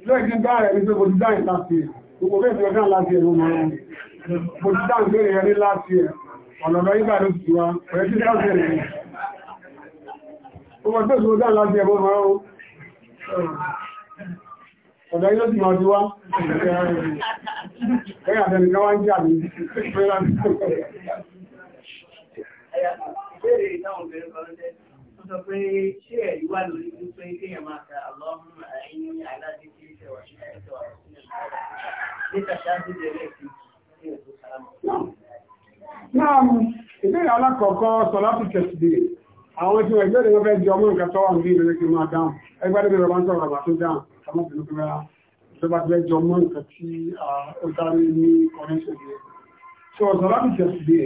lẹ́gbẹ̀ẹ́ bá rẹ̀ ní pé bòdìdá ìlàfíẹ̀ gbogbo ìgbà ló ti wá ọ̀rẹ́ tí lágbèrè yẹn ọmọ tó ti bòdìdá ìlàfíẹ̀ bó ti máa ti wá ẹ̀yà sọ pé ṣé ẹ̀rí wà lórí wípé kéèyàn máa ka àlọ́run àìní aládé kí ṣe wà ṣe ẹ̀tọ́ àwọn nígbà ṣáájú bẹ̀rẹ̀ sí kéèyàn tó sálámà. náà ìbéèrè alákọ̀ọ́kọ́ sọ láti tẹ̀sídé àwọn tí wọ́n ìgbẹ́rẹ̀ wọ́n fẹ́ jẹ ọmọ nǹkan tọ́wà ń bí ìrẹ́lẹ́ kí máa dáhùn ẹgbẹ́rẹ́ bí rọ̀bá ń sọ̀rọ̀ àbá tó dáhùn àwọn obìnrin tó mẹ́ra ìjọba tó fẹ́ jẹ ọmọ nǹkan tí ó dárí ní kọ́nẹ́ṣẹ̀ yẹn tí wọ́n sọ láti tẹ̀sídé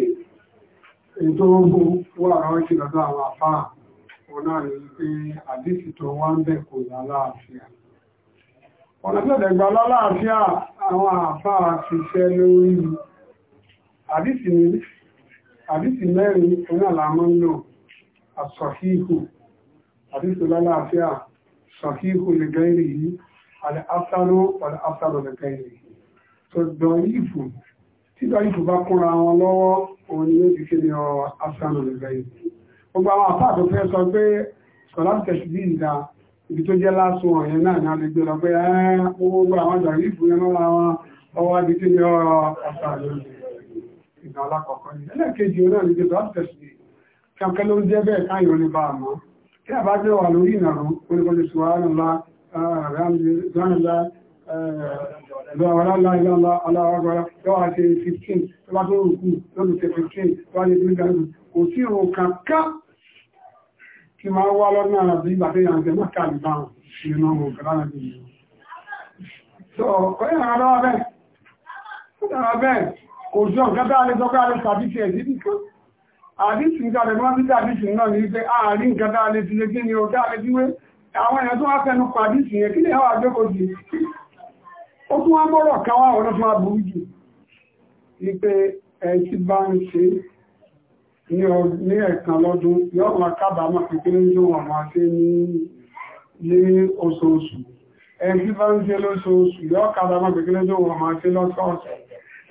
òun náà rí pé àdísì tó wá ń bẹ̀ kò lálàáfíà ọ̀nà tó dẹ̀gbà lálàáfíà àwọn àfáà ti ṣẹ́ lórí àdísì mẹ́rin òun àlàmọ́ náà àsọ̀híhù àdísì lálàáfíà sọ̀híhù lè gẹ́rì yìí àlẹ́áfíàrò àlẹ́áfíàrò lè gẹ́rì yìí tó dọ̀ ìfù tí dọ̀ ìfù bá kúnra wọn lọ́wọ́ òun ni ó di kí ni ọ gbogbo àwọn àfáà tó fẹ́ sọ pé sọ̀láṣì tẹ̀sídì ìdá ibi tó jẹ́ lásán ọ̀yẹn náà ní agbègbè lọ pé gbogbo àwọn àjọ ìfún yẹn mọ́ra ni ẹlẹ́ẹ̀kejì náà ní sọ̀láṣì tẹ̀sídì kankan ló ń jẹ́ bẹ́ẹ̀ káyọ̀ ní bá a mọ́ kí àbájọ́ wà lórí Ìgbàwọ̀lá láìláàlá aláwọ̀gbọ́ra, yọ́ wá ṣe 15, tó bá tó rùkú, lọ́dún ṣe 15, tó wá ṣe 15, kò sí ìrùn kàkà kí máa wá lọ́nà àràbí ìgbà tó yà ń tẹ́ mọ́ta ìbáhùn sí iná òun kàrà náà nìyí. So, ó yà rárá bẹ́ẹ̀. Ó dára bẹ́ẹ̀, kò sí ọ̀gá a lè sọ́kọ́ àrẹ tàbí ti ẹ̀sí nìkan. Àdísì ń jáde mọ́ sí àdísì náà ní pé àárín nǹkan a lè ti lè kí ni ó dá a lè fi wé. Àwọn èèyàn tó wá fẹnu pàdísì yẹn, kí ni àwọn ó tún wá mọ́rọ̀ kan wá ọ̀rọ̀ fún aburú jù ní pé ẹ ti bá ń ṣe ní ẹ̀kan lọ́dún yóò máa kábàámọ̀ kékeré ní wọn máa ṣe ní oṣooṣù ẹni bá ń ṣe lóṣooṣù yóò kábàámọ̀ kékeré ní wọn máa ṣe lọ́sọ̀ọ̀sẹ̀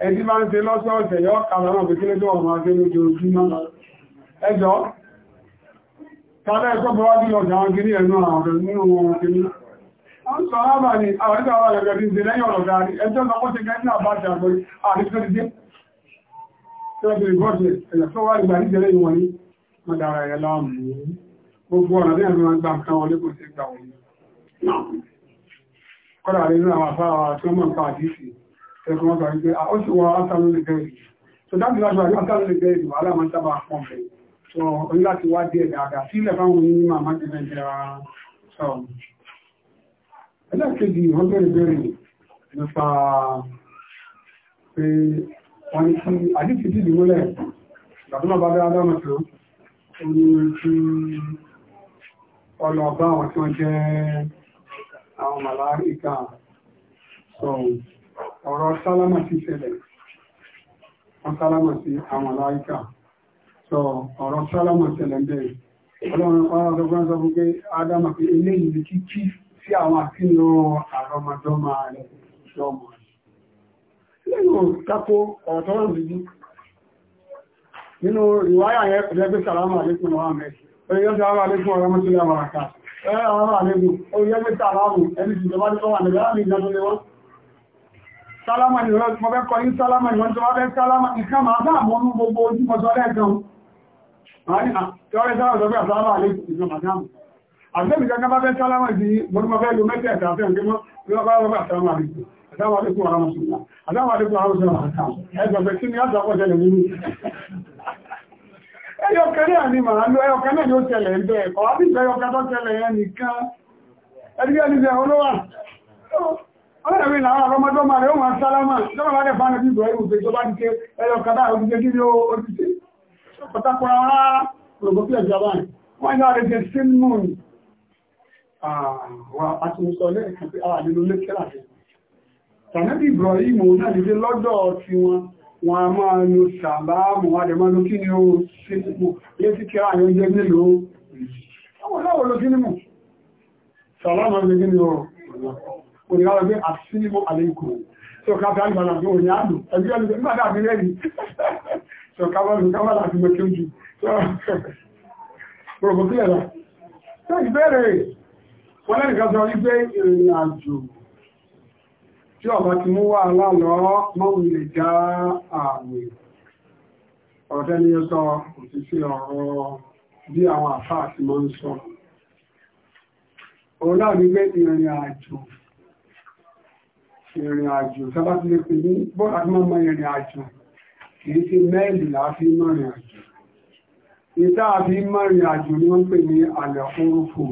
ẹni bá ń ṣe lọ́sọ̀ọ̀sẹ̀ yóò kábàámọ̀ sọ̀rọ̀bà ni àwọn ìgbà àwọn ẹ̀gẹ̀ ti ṣe lẹ́yìn ọ̀rọ̀ dáadé ẹjọ́ lọ wọ́n ti gẹ́ ní àbájá àgbẹ̀ àrífẹ́ ti dé tẹ́lẹ̀ ìgbọ́jẹ̀ ẹ̀yà tó wá ìgbà níjẹ̀lẹ́ ìwọ̀n ní mọ̀dára ẹ̀ láàmù gbogbo ọ̀nà bí ẹ̀rọ gbà kan wọlé kò sí gbà wọlé kọ́dà rẹ̀ nínú àwọn afárá tí wọ́n mọ̀ nípa àdísì ẹ̀kọ́ wọn sọ wípé ó sì wọ átàlú lè gẹ̀rì tó dájú láti wájú átàlú lè gẹ̀rì wà láwọn sábà pọ̀ bẹ̀ tó orí láti wá díẹ̀ dáadáa sílẹ̀ fáwọn onímọ̀ àmájẹ́ nàìjíríà sọ̀rọ̀ ẹlẹ́kẹ̀ẹ́dì wọ́n bẹ̀rẹ̀ bẹ̀rẹ̀ nípa pé wọ́n ní kí àdífìdì ìwọ́lẹ̀ ìgbàtọ́nà bá bẹ́ adámọ̀ tó ní kí ọlọ́ọ̀bá àwọn tí wọ́n jẹ́ àwọn màláìka ọ̀rọ̀ sálámà ti ṣẹlẹ̀ wọ́n sálámà sí àwọn màláìka ọ̀rọ̀ sálámà ṣẹlẹ̀ bẹ́ẹ̀ ọlọ́run ọlọ́run ọgbọ́n sọ fún pé adámọ̀ pé eléyìí kí kí tí àwọn àfihàn àrọmọdọ́mà rẹ̀ ṣọ́mọ̀ nínú tako ọ̀tọ́ ìrìnjú nínú ìwáyà yẹn pẹ̀lẹ́ pé sàrámà àlékún ọmọ mẹ́sì oríyẹ́ sàrámà àlékún ọmọ tó yà máa ká ẹ̀rẹ́ àwọn àlékún oríyẹ́ pé sàrámà ẹni tí ìjọba tó wà nílẹ̀ láàrin ìjọ tó lé wọ́n sálámà ni wọ́n tó fẹ́ kọ́ yí sálámà ni wọ́n tó wá fẹ́ sálámà nǹkan máa bá àmọ́ nú gbogbo ojú mọ́tọ́ lẹ́ẹ̀kan àgbẹ́bì kankan bá fẹ́ sálámà sí gbọ́nmọ́ fẹ́ lo mẹ́tẹ̀ àtàfẹ́ òkèmọ́ lọ́pàá lọ́pàá àtàwọn àríkù àtàwọn àríkù àwọn mùsùlùmá àtàwọn àríkù àwọn mùsùlùmá ni á sọ pọ̀jẹ̀lẹ̀ nínú ẹyọkan náà ni màá lọ ẹyọkan ni ó tẹ̀lẹ̀ ni bẹ̀rẹ̀ olówà ọlọ́rẹ̀wé làwọn àrọmọdọ́ máa rẹ̀ ó máa sálámà lọ́wọ́ láti fánà bí ìgbọ̀ ìrùn tó bá ń ké ẹyọkan náà ó ti jẹ́ kí ni àtúnṣọ lẹ́ẹ̀kan pé a nínú lẹ́kẹ́lá ṣe. Tànẹ́bì Ibrahim náà lè lọ́dọ̀ tí wọn wọn a máa lo sàbáàmù adẹ̀mọ́lú kí ni ó ṣe mú lé sí kíra àwọn jẹ́ nílò àwọn láwọ̀ ló kí ni mú sàlámà ní kí ni ó onílára pé àṣílímù àlékò tó káfẹ́ àgbàlá tó ní àdù ẹgbẹ́ ẹgbẹ́ nígbàdà mi rẹ̀ yìí tó káfẹ́ láti mẹ́kẹ́ jù tó rọ̀bọ̀ kílẹ̀ wọ́n lẹ́nìkan wípé ìrìn àjò tí ọba ti mú wà lálọ́ mọ́wùn lè já ààwẹ̀ ọ̀tẹ́ ni ó sọ òṣìṣẹ́ ọ̀rọ̀ bí àwọn àfáà ti mọ́ ń sọ òun náà ní pé ìrìn àjò ìrìn àjò sábà ti lè pè ní bọ́ọ̀lá tí wọ́n mọ ìrìn àjò kìí sí mẹ́ẹ̀lì láti mọ́rin àjò ìta àti mọ́rin àjò ni wọ́n pè ní àlẹ̀ òfurufú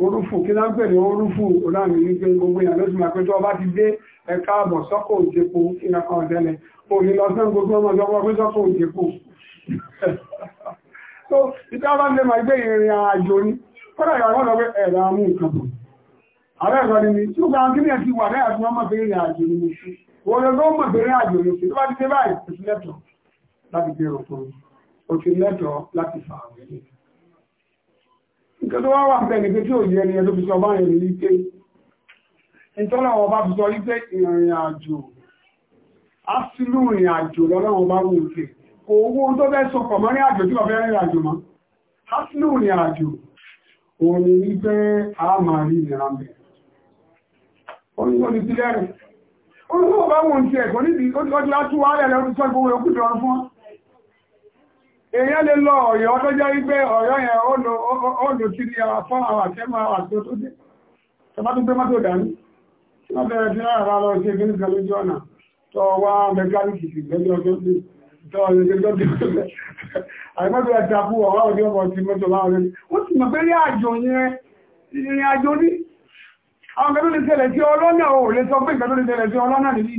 orúfù kí lá ń pè ní orúfù oláàmì ní pé gbogbo èèyàn ló ti máa pé tó ọba ti dé ẹ̀ka àbọ̀ sọ́kò òjèpo ìrànkan ọ̀tẹ́lẹ̀ kò ní lọ sán gbogbo ọmọ ọjọ́ pé sọ́kò òjèpo so ìta bá lè máa gbé ìrìn àjò ní kọ́dà ìwà wọ́n lọ pé ẹ̀rọ amú nǹkan bọ̀ ààrẹ ẹ̀rọ ni mi tí ó gba kí ní ẹ̀sìn wà lẹ́yà tí wọ́n mọ̀ pé ìrìn àjò ní mi sí wọ́n lọ gbọ́ mọ̀ nǹkan tó wá wà bẹ́ẹ̀ nígbé tí ò yẹ ni ẹlò fi sọ báyẹ̀ ní wípé ìtọ́lá ọba fi sọ wípé ìrìn àjò asílù ìrìn àjò lọ́lọ́wọ́ bá wù ké owó tó bẹ́ sọ pọ̀ mọ́rí àjò tí ọ̀fẹ́ rìn àjò mọ́ asílù ìrìn àjò òun ni wípé a máa rí ìrìn àmì onígbòdì sílẹ̀ rẹ̀ olùkọ́ bá wù ké kò níbi ó ti wá lẹ̀ lọ́dún sọ́gbọ́n òkú dọ̀rọ̀ fún èèyàn lè lọ ọ̀yọ́ tó jẹ́ wípé ọ̀yọ́ yẹn ọ̀lù tí ní ara fún àwọn àtẹ́mà àti tó dé tọba tó gbé mọ́tò dání tí wọ́n bẹ̀rẹ̀ sí ara lọ sí ẹgbẹ́ nígbà lójú ọ̀nà tó wá mẹkáníkì sí lẹ́jọ́ tó dé tó ọ̀yọ́ tó dé àìmọ́tò ẹ̀ta kú ọ̀wá òjò ọmọ ti mọ́tò wá ọ̀rẹ́ ó sì mọ̀ pé rí àjò yẹn ìrìn àjò ní àwọn kẹ́tọ́ lè tẹ̀lẹ̀ sí ọlọ́nà ò lè sọ pé ìkẹ́tọ́ lè tẹ̀lẹ̀ sí ọlọ́nà nìyí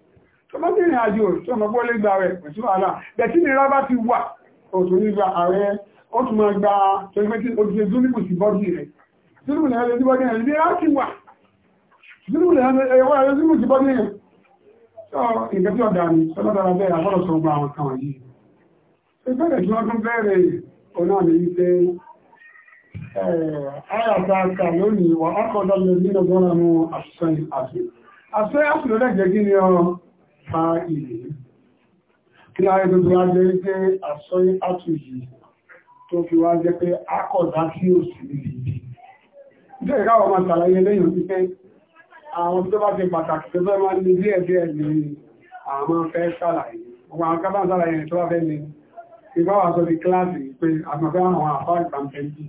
tọmọbìnrin àjò tó mọ̀ gbọ́ lè gba rẹ̀ pẹ̀sí wàhálà bẹ̀tí ni rábá ti wà òtò nígbà ààrẹ ó tún mọ̀ gba tẹ́gbẹ́tí ojúṣe zúlùmù sí bọ́dì rẹ̀ zúlùmù lè rẹ̀ sí bọ́dì rẹ̀ ní láti wà zúlùmù lè rẹ̀ zúlùmù sí bọ́dì rẹ̀ sọ ìgbẹ́ tí ọ̀dà ni sọlọ́dọ̀ra bẹ́ẹ̀ àbọ̀rọ̀ sọ gba àwọn kan yìí ìbẹ̀rẹ̀ tí wọ́n tún bẹ̀rẹ̀ ọ̀nà mi ń pé ayàtàkà lónìí wà á kọ́ fa ìlú kí láyé tó tó wá jẹ́ wípé àsọ́yí àtúyì tó fi wá jẹ́ pé akọ̀dá sí òsì ìlú jẹ́ ìkáwọ̀ máa tàlàyé lẹ́yìn wípé àwọn tó bá ti pàtàkì tó fẹ́ máa ní díẹ̀ díẹ̀ ní àwọn fẹ́ sàlàyé ọmọ àwọn kábà sàlàyé tó wá fẹ́ ní ìbáwà sọ di kíláàsì pé àgbàfẹ́ àwọn àfá ìgbàmfẹ́jì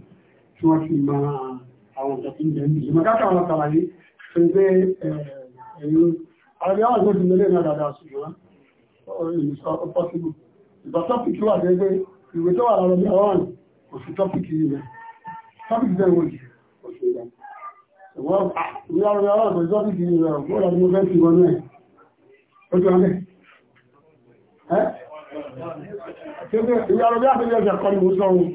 tí wọ́n ti máa àwọn àrẹ àwọn ìgbòdì lórí ẹ̀nà dada ṣùgbọ́n pọ́sílù ìgbà tọ́pìkì wà gẹ́gẹ́ ìwé tó wà lára ní àwọn òṣù tọ́pìkì yìí rẹ̀ tọ́pìkì bẹ́ẹ̀ wòlì òṣù ìgbà ìwọ́n ìwé àwọn àwọn òṣù tọ́pìkì yìí rẹ̀ wọ́n láti mo fẹ́ sí wọn náà ojú alẹ́ ìyá ọ̀rọ̀ bí àtẹ́lẹ̀ ọjà kọ́ ni mo sọ ohun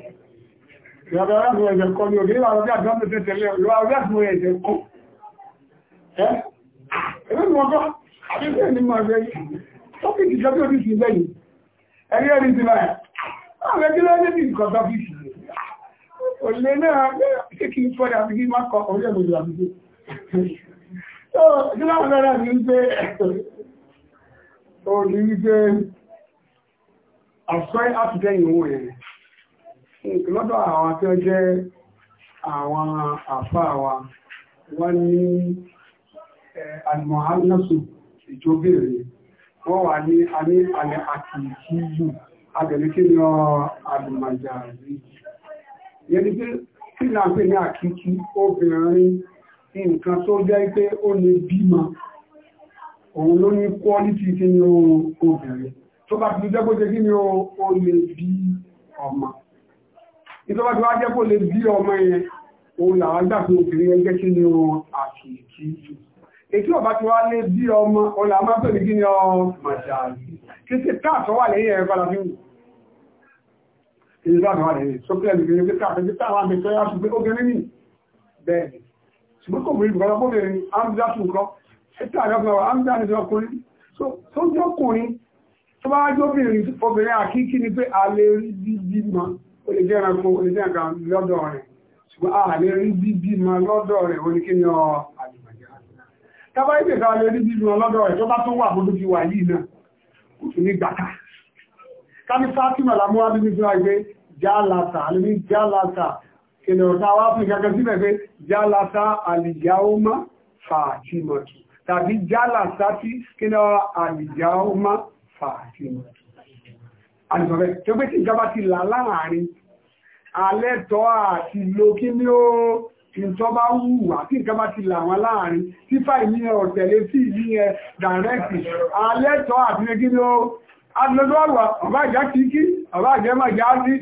ìyá ọ̀rọ̀ bí àtẹ́lẹ̀ ọjà kọ́ ni ògì ìlànà bí àtẹ́lẹ̀ ọjà tẹ́lẹ̀ ọjà bí àtẹ́lẹ̀ àbíbẹ̀ ní máa rẹ̀ yìí tọ́pìkì tọ́pì oríṣìí lẹ́yìn ẹ̀rí ẹ̀rí ti máa àwọn ẹgbẹ́ lọ́dẹ́ bí nǹkan tọ́pì sí òlé náà ṣe kí n fọ́dà bí má kọ orílẹ̀ èdè àbíké tó tí láwọn lọ́dà ní ń gbé òní ń gbé àṣọ àtìtẹ́yìn owó rẹ̀ lọ́dọ̀ àwọn tí ó jẹ́ àwọn àfáà wa wọ́n ní àlùmọ̀ eh, àlùmọ̀ ìjóbèrè wọ́n wà ní aní alẹ́ àti ìkíyù abẹ̀lẹ́ kí ni àdùmàjà rí yẹn ni pé kí ni a pè ní àkíkí obìnrin nǹkan tó jẹ́ pé ó lè bímọ òun ló ní quality kí ni obìnrin tó bá ti jẹ́ kó kí ni ó lè bí ọmọ ìjọba tí wá jẹ́ kó lè bí ọmọ yẹn òun làwọn gbà pé obìnrin ẹgbẹ́ kí ni àkíkí jù èkí ọba tí wá lé bí ọmọ ọlà máa pẹ̀lú gíní ọmọ ṣàlì kí sí káàtọ̀ wà lẹ́yìn ẹ̀rọ padà fíìmù èyí láàrín wà lẹ́yìn sókè ẹ̀lú gíní káàtọ̀ tí táwọn àmì tó yá ṣùgbẹ́ obìnrin ní bẹ́ẹ̀ ṣùgbọ́n kò múrí bùkọ́lá bóbìnrin ní amúdá tún kọ́ ẹ̀tà àgbàfẹ́wà amúdá ní ọkùnrin tó ń jọkùnrin tó bá jóbìnrin obìnrin àkíkí ni pé a lè rí bíbí ma ó lè jẹ́ ẹranko ó lè jẹ́ ẹ̀ka lọ́dọ̀ rẹ̀ ṣùgbọ́n a lè rí bíbí ma lọ́dọ̀ rẹ̀ oníkíni ọ̀ àdìg tàbá ìgbè ká lè rí bílù ọlọ́dọ̀ ẹ̀ tó bá tó wà bódú fi wà yìí náà kò tún ní gbàkà kámi fátímà lámúwá bí fífún àgbé jálàtà àlèmí jálàtà kèlè ọ̀tá wá fún ìkẹ́kẹ́ sí mẹ́fẹ́ jálàtà àlìyáọ́má fàtímọ̀tù tàbí jálàtà tí kèlè àlìyáọ́má fàtímọ̀tù àlùfọ̀fẹ́ tó pé tí ìjọba ti là nǹkan bá wù wá tí nǹkan bá ti là wọn láàrin fífà ìní ọ̀tẹ̀lé sí ìlú yẹn dàrẹ́kì alẹ́tọ̀ àti gíní ó adúlọ́dọ́wà ọba ìjá ti kí ọba ìjẹ́ máa já sí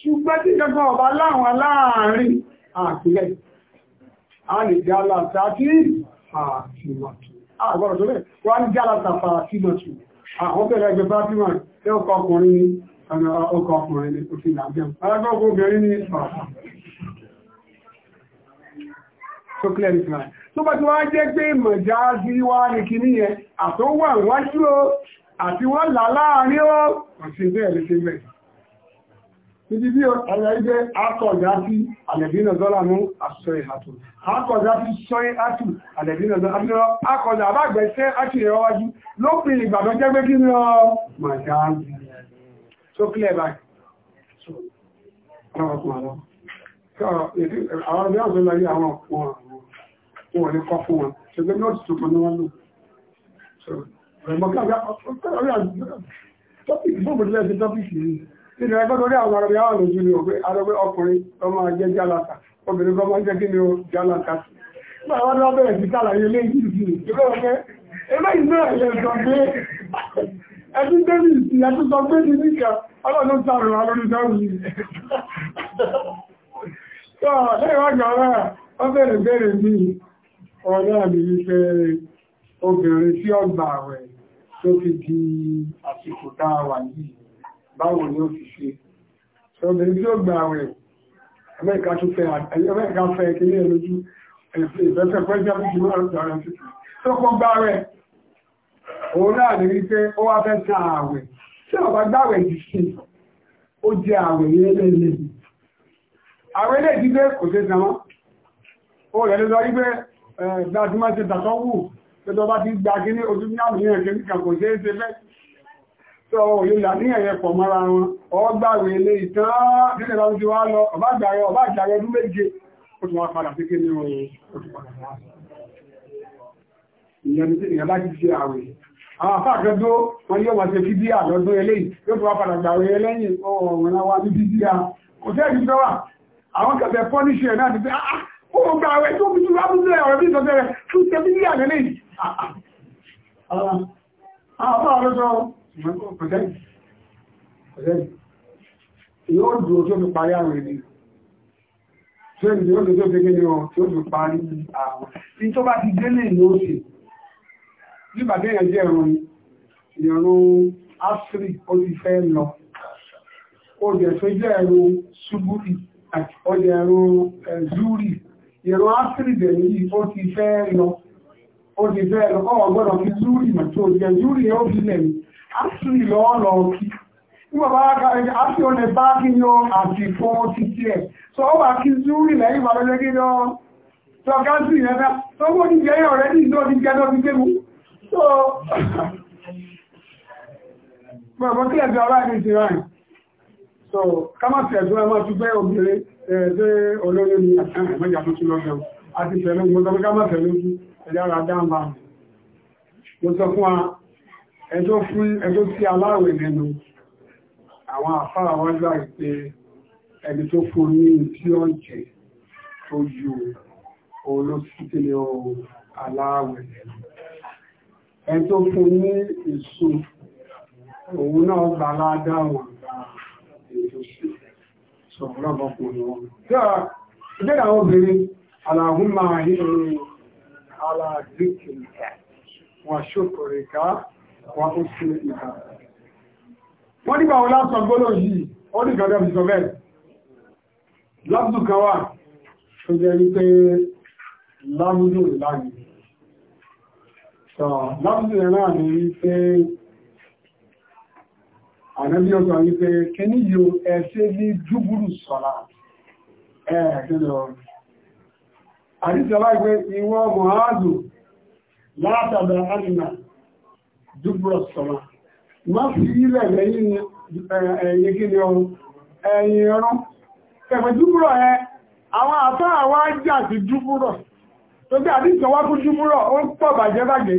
ṣùgbọ́n tí kankan ọba láwọn láàrin àpilẹ̀ a lè jálá tàbí àfihàn àgbọ̀rọ̀ tó bẹ́ẹ̀ wọ́n ní tí ó tó clear this man tó bá ti wá jẹ́ pé mọ̀já sí wá ní kíní yẹn àtọ́wà wájú o àti wọ́n là láàrin o wọ́n ti bẹ́ẹ̀ lè ṣe bẹ́ẹ̀ títí bí ọ̀rẹ́ ẹgbẹ́ akọ̀dá sí àlẹ̀bínà dọ́là mú àṣọ ìhàtò akọ̀dá sí sọ́yìn àtù àlẹ̀bínà dọ́là akọ̀dá àbágbẹ̀ṣẹ́ àti ẹ̀rọ wájú lópin ìgbàdọ̀ jẹ́ pé kí ni ọ màjá so clear by so ọ̀rọ̀ ọkùnrin àwọn ọ̀rọ̀ wọ́n ní kọ́ fún wọn ṣẹgbẹ́ nọ́ọ̀tì tó kan ní wọ́n lò tọ́pìkì fún òbòdó lẹ́sẹ̀ tọ́pìkì yìí nínú ẹgbẹ́ tó rí àwọn arọ̀bí àwọn òjú ni òpé arọ̀bí ọkùnrin tó máa jẹ́ jálàkà obìnrin tó máa jẹ́ kí ni ó jálàkà sí máa wá lọ́wọ́ bẹ̀rẹ̀ sí kàlàyé léyìí sí ìgbẹ́ ọ̀fẹ́ eléyìí náà lè sọ pé ẹtún tẹ́lì sí ẹtún sọ pé ní níkà ọlọ́run sàrò wa lórí sọ́run yìí tó lẹ́yìn wájú ọ̀rẹ́ ọ bẹ̀rẹ̀ bẹ̀rẹ̀ bíi ọ̀rẹ́ àmì iṣẹ́ obìnrin tí ọgbà rẹ̀ tó fi di àsìkò dáa wà yìí báwo ni ó fi ṣe obìnrin tí ó gbà rẹ̀ amẹ́ríkà tó fẹ́ amẹ́ríkà fẹ́ kí ní ẹlójú ìfẹ́fẹ́ pẹ́jọ́ bí jù lọ́rọ̀ tọ́rọ títì tó kọ́ gbá rẹ̀ òun náà ní wípé ó wá fẹ́ ta ààwẹ̀ tí wọ́n bá gbá gbájúmọ́ ti dàtọ́ wù pẹ̀lú ọba ti gbà kí ní ojú ní àmìyàn kí ní kàkò ṣe é ṣe fẹ́ tó òyìnlá ní ẹ̀yẹ pọ̀ mọ́ra wọn ọgbàwé ilé ìtàn nílẹ̀ bá ń ti wá lọ ọba àgbàrẹ ọba àgbàrẹ ọdún méje ó tún wá padà sí kí ní oyin ó tún padà wá ìyẹn tí ìyẹn bá ti ṣe àwẹ̀ àwọn afáàkẹ́ tó wọ́n yóò wọ́n ṣe fídíà lọ́dún eléyìí yóò tún wá padà gbàwé ẹlẹ́yìn ọ̀rọ̀ wọn wá ní fídíà kò sẹ́ẹ̀dì tó wà àwọn kẹfẹ́ gbogbo àwẹ̀ tó fi túnbá fún sílẹ̀ ọ̀rọ̀ bí ìsọ̀tẹ̀rẹ̀ tún tẹ bí ìyà lẹ́lẹ́ yìí àwọn ọ̀rọ̀sọ yóò dúró tó fi parí àwọn ènìyàn tí ó dúró tó fi gẹ́gẹ́ wọn tí ó fi parí àwọn tí tó bá ti délé yóò sì nígbà tí èèyàn jẹ́ ìrun ìrun asiri ó ti fẹ́ lọ ó jẹ́ tó jẹ́ ìrun ṣubúrì àti ọjẹ́ ìrun eh, zúrì ìrọ̀ áfíríkẹ̀ yìí ó ti fẹ́ lọ ó ti fẹ́ lọ kọ́ ọgbọ́dọ̀ fi zúrì mà tó jẹ zúrì ó fi lẹ̀ ní áfírí lọ lọ kí nígbà bá ká ẹni áfírí ó lè bá kí ni ó àti fún títí ẹ̀ tó ó wà kí zúrì lẹ́yìn bá lọ́jọ́ kí lọ tó ká sí ìyẹn náà tó kó ti jẹ́ ọ̀rẹ́ ní ìjọ ti jẹ́ lọ́dún gbé mu tó gbọ̀gbọ́ kílẹ̀ bí ọlá ìrìn so kámá fi ẹ̀sùn ẹmọ́ ti gbé obìnrin ẹ̀ẹ́dẹ́ olóyún ni àtẹ́mẹ́jà tó tún lọ́yọ̀ àti fẹ̀lú mo sọ pé kámá fẹ̀lú ojú ẹ̀dá ara dáńbà mo sọ fún wa ẹjọ́ fún ẹjọ́ sí aláwẹ̀ lẹ́nu àwọn àfáà wọ́n gbà pé ẹni tó fún ní tí ó ń jẹ òun náà gbà ládá sọ̀rọ̀ bọ́ kò ní wọn. Ìbéèrè àwọn obìnrin, aláhùn máa ní aláàdíkìlìkà, wọ́n ṣòkòrìká, wọ́n ó sí ìkà. Wọ́n nígbà wọn lásán gbọ́lọ̀ yìí, ó ní ìgbàgbà fi sọ bẹ́ẹ̀. Lábùdù kan wà, tó jẹ́ wípé lábùdù láàrin. Lábùdù náà ní wípé ànábí ọ̀tọ̀ wípé kí ní yíò ẹ̀ṣẹ́ ní júgúrù sọ́lá ẹ̀ẹ̀kẹ́lọ àríṣẹ́lá ìpé ìwọ mọ̀háàzù látàbà àrìnà júgúrù sọ́lá má fi ilẹ̀ lẹ́yìn ẹ̀yẹ́kẹ́lẹ́ ọ̀run ẹ̀yìn ẹ̀rọ kẹfẹ̀ júgúrù ẹ̀ àwọn àtọ́ àwọn ajá àti júgúrù tó bí àdíṣẹ́ wá kú júgúrù ó pọ̀ bàjẹ́ bàjẹ́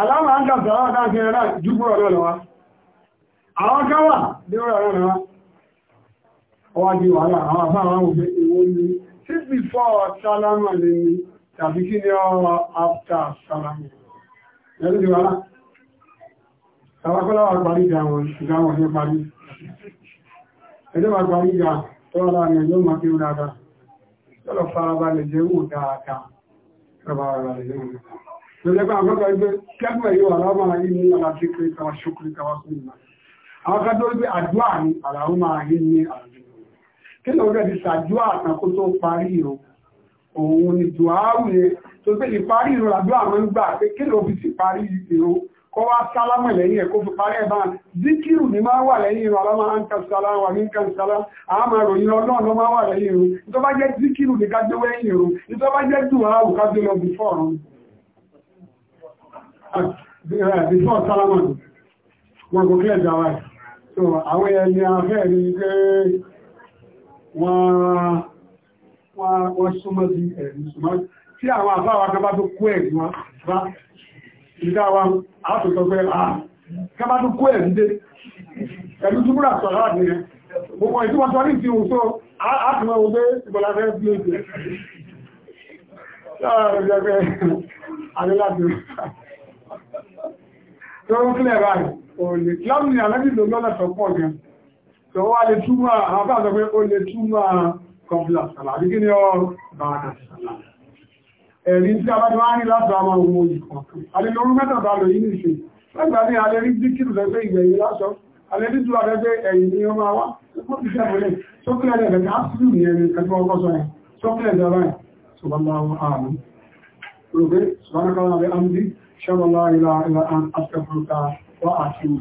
aláwọ̀ àgbàtà àwọn káàkiri ẹ̀rá jùgbọ́ ọ̀rọ̀ lọ́wọ́ àwọn káwà ní ọ̀rọ̀ ọ̀rọ̀ lọ́wọ́ ọwá di wàhálà àwọn afáwọn òfin ìwò ní sí before sálámà lè ní tàbí kí after sálámà ẹ̀rọ di wàhálà tàbákọ́láwà parí ìjà wọn ìjà wọn ní parí ẹjọ́ bá parí ìjà tó wà láàrin ẹjọ́ máa kí ó dáadáa tọ́lọ̀ farabalẹ̀ jẹ́ wò dáadáa tọ́lọ̀ farabalẹ̀ Tòlẹ́gbẹ́ àgbọ́gbọ́ ẹgbẹ́ kẹ́gbẹ̀ yóò aláwọ̀ ayé ní alájíkiri kawà ṣókiri kawà fún ìmá. Àwọn kan tó gbé àdúrà ní àlàrúmà ayé ní àjò. Kí ló rẹ̀ ti ṣàdúrà àtàkó tó parí ìrò? Òun ni dùáwù yẹ tó gbé ní parí ìrò àdúrà mọ́ ń gbà pé kí ló fi sì parí ìrò kọ́ wá sálámà lẹ́yìn ẹ̀ kó fi parí ẹ̀bá zikiru ni máa wà lẹ́yìn ìrò aláma à ń kan sálá wà ní kan sálá àmà ròyìn ọlọ́run ló máa wà lẹ́yìn ìrò nítorí bá jẹ́ zikiru ni ká gbé wẹ́yìn ìrò nítorí bá jẹ́ dùn áwù ká gbé lọ bí fọ́ọ̀rùn before Solomon wọ́n kò kílẹ̀ jàwà so àwọn ẹni afẹ́ rí pé wọ́n súnmọ́ sí ẹ̀rí súnmọ́ tí àwọn àfáwà kan bá tó kó ẹ̀rí wọn bá ìdáwà àtòtò pé àà ah, kan bá tó kó ẹ̀rí dé ẹ̀rí túnmúrà sọ̀rọ̀ àdìyẹn gbogbo ìtúwọ́n tó ní ti hù so àtìmọ̀ ògbé ìbọ̀lá fẹ́ bí èdè láàrín ọjọ́ pé àrílàdì tó ń kílẹ̀ báyìí olè láàmù ni àlẹ́bí ló lọ́nà tó pọ̀ gan tó wá lè túmọ̀ àwọn bá sọ pé ó lè túmọ̀ kọfìlà sàlà àbí kí ni ọ bàtà sàlà ẹ̀rí tí a bá ti wá ní láti àwọn ohun ìkan alẹ́ lórí mẹ́ta bá lò yí ní ṣe lẹ́gbàá ní alẹ́ rí díkìrù lẹ́gbẹ́ ìgbẹ̀yìn lásọ alẹ́ rí dúró lẹ́gbẹ́ ẹ̀yìn ni ó máa wá wọ́n ti sẹ́fẹ̀lẹ̀ sókèlẹ̀ lẹ́gbẹ̀ẹ́ absolu ní ẹni kẹtí wọ́n kọ́ sọ yẹn sókèlẹ̀ lẹ́gbẹ̀ẹ́ sọ̀bọ̀lá ààrùn ṣọ́rọ̀lá ìlà ìlà àti àfẹ́fẹ́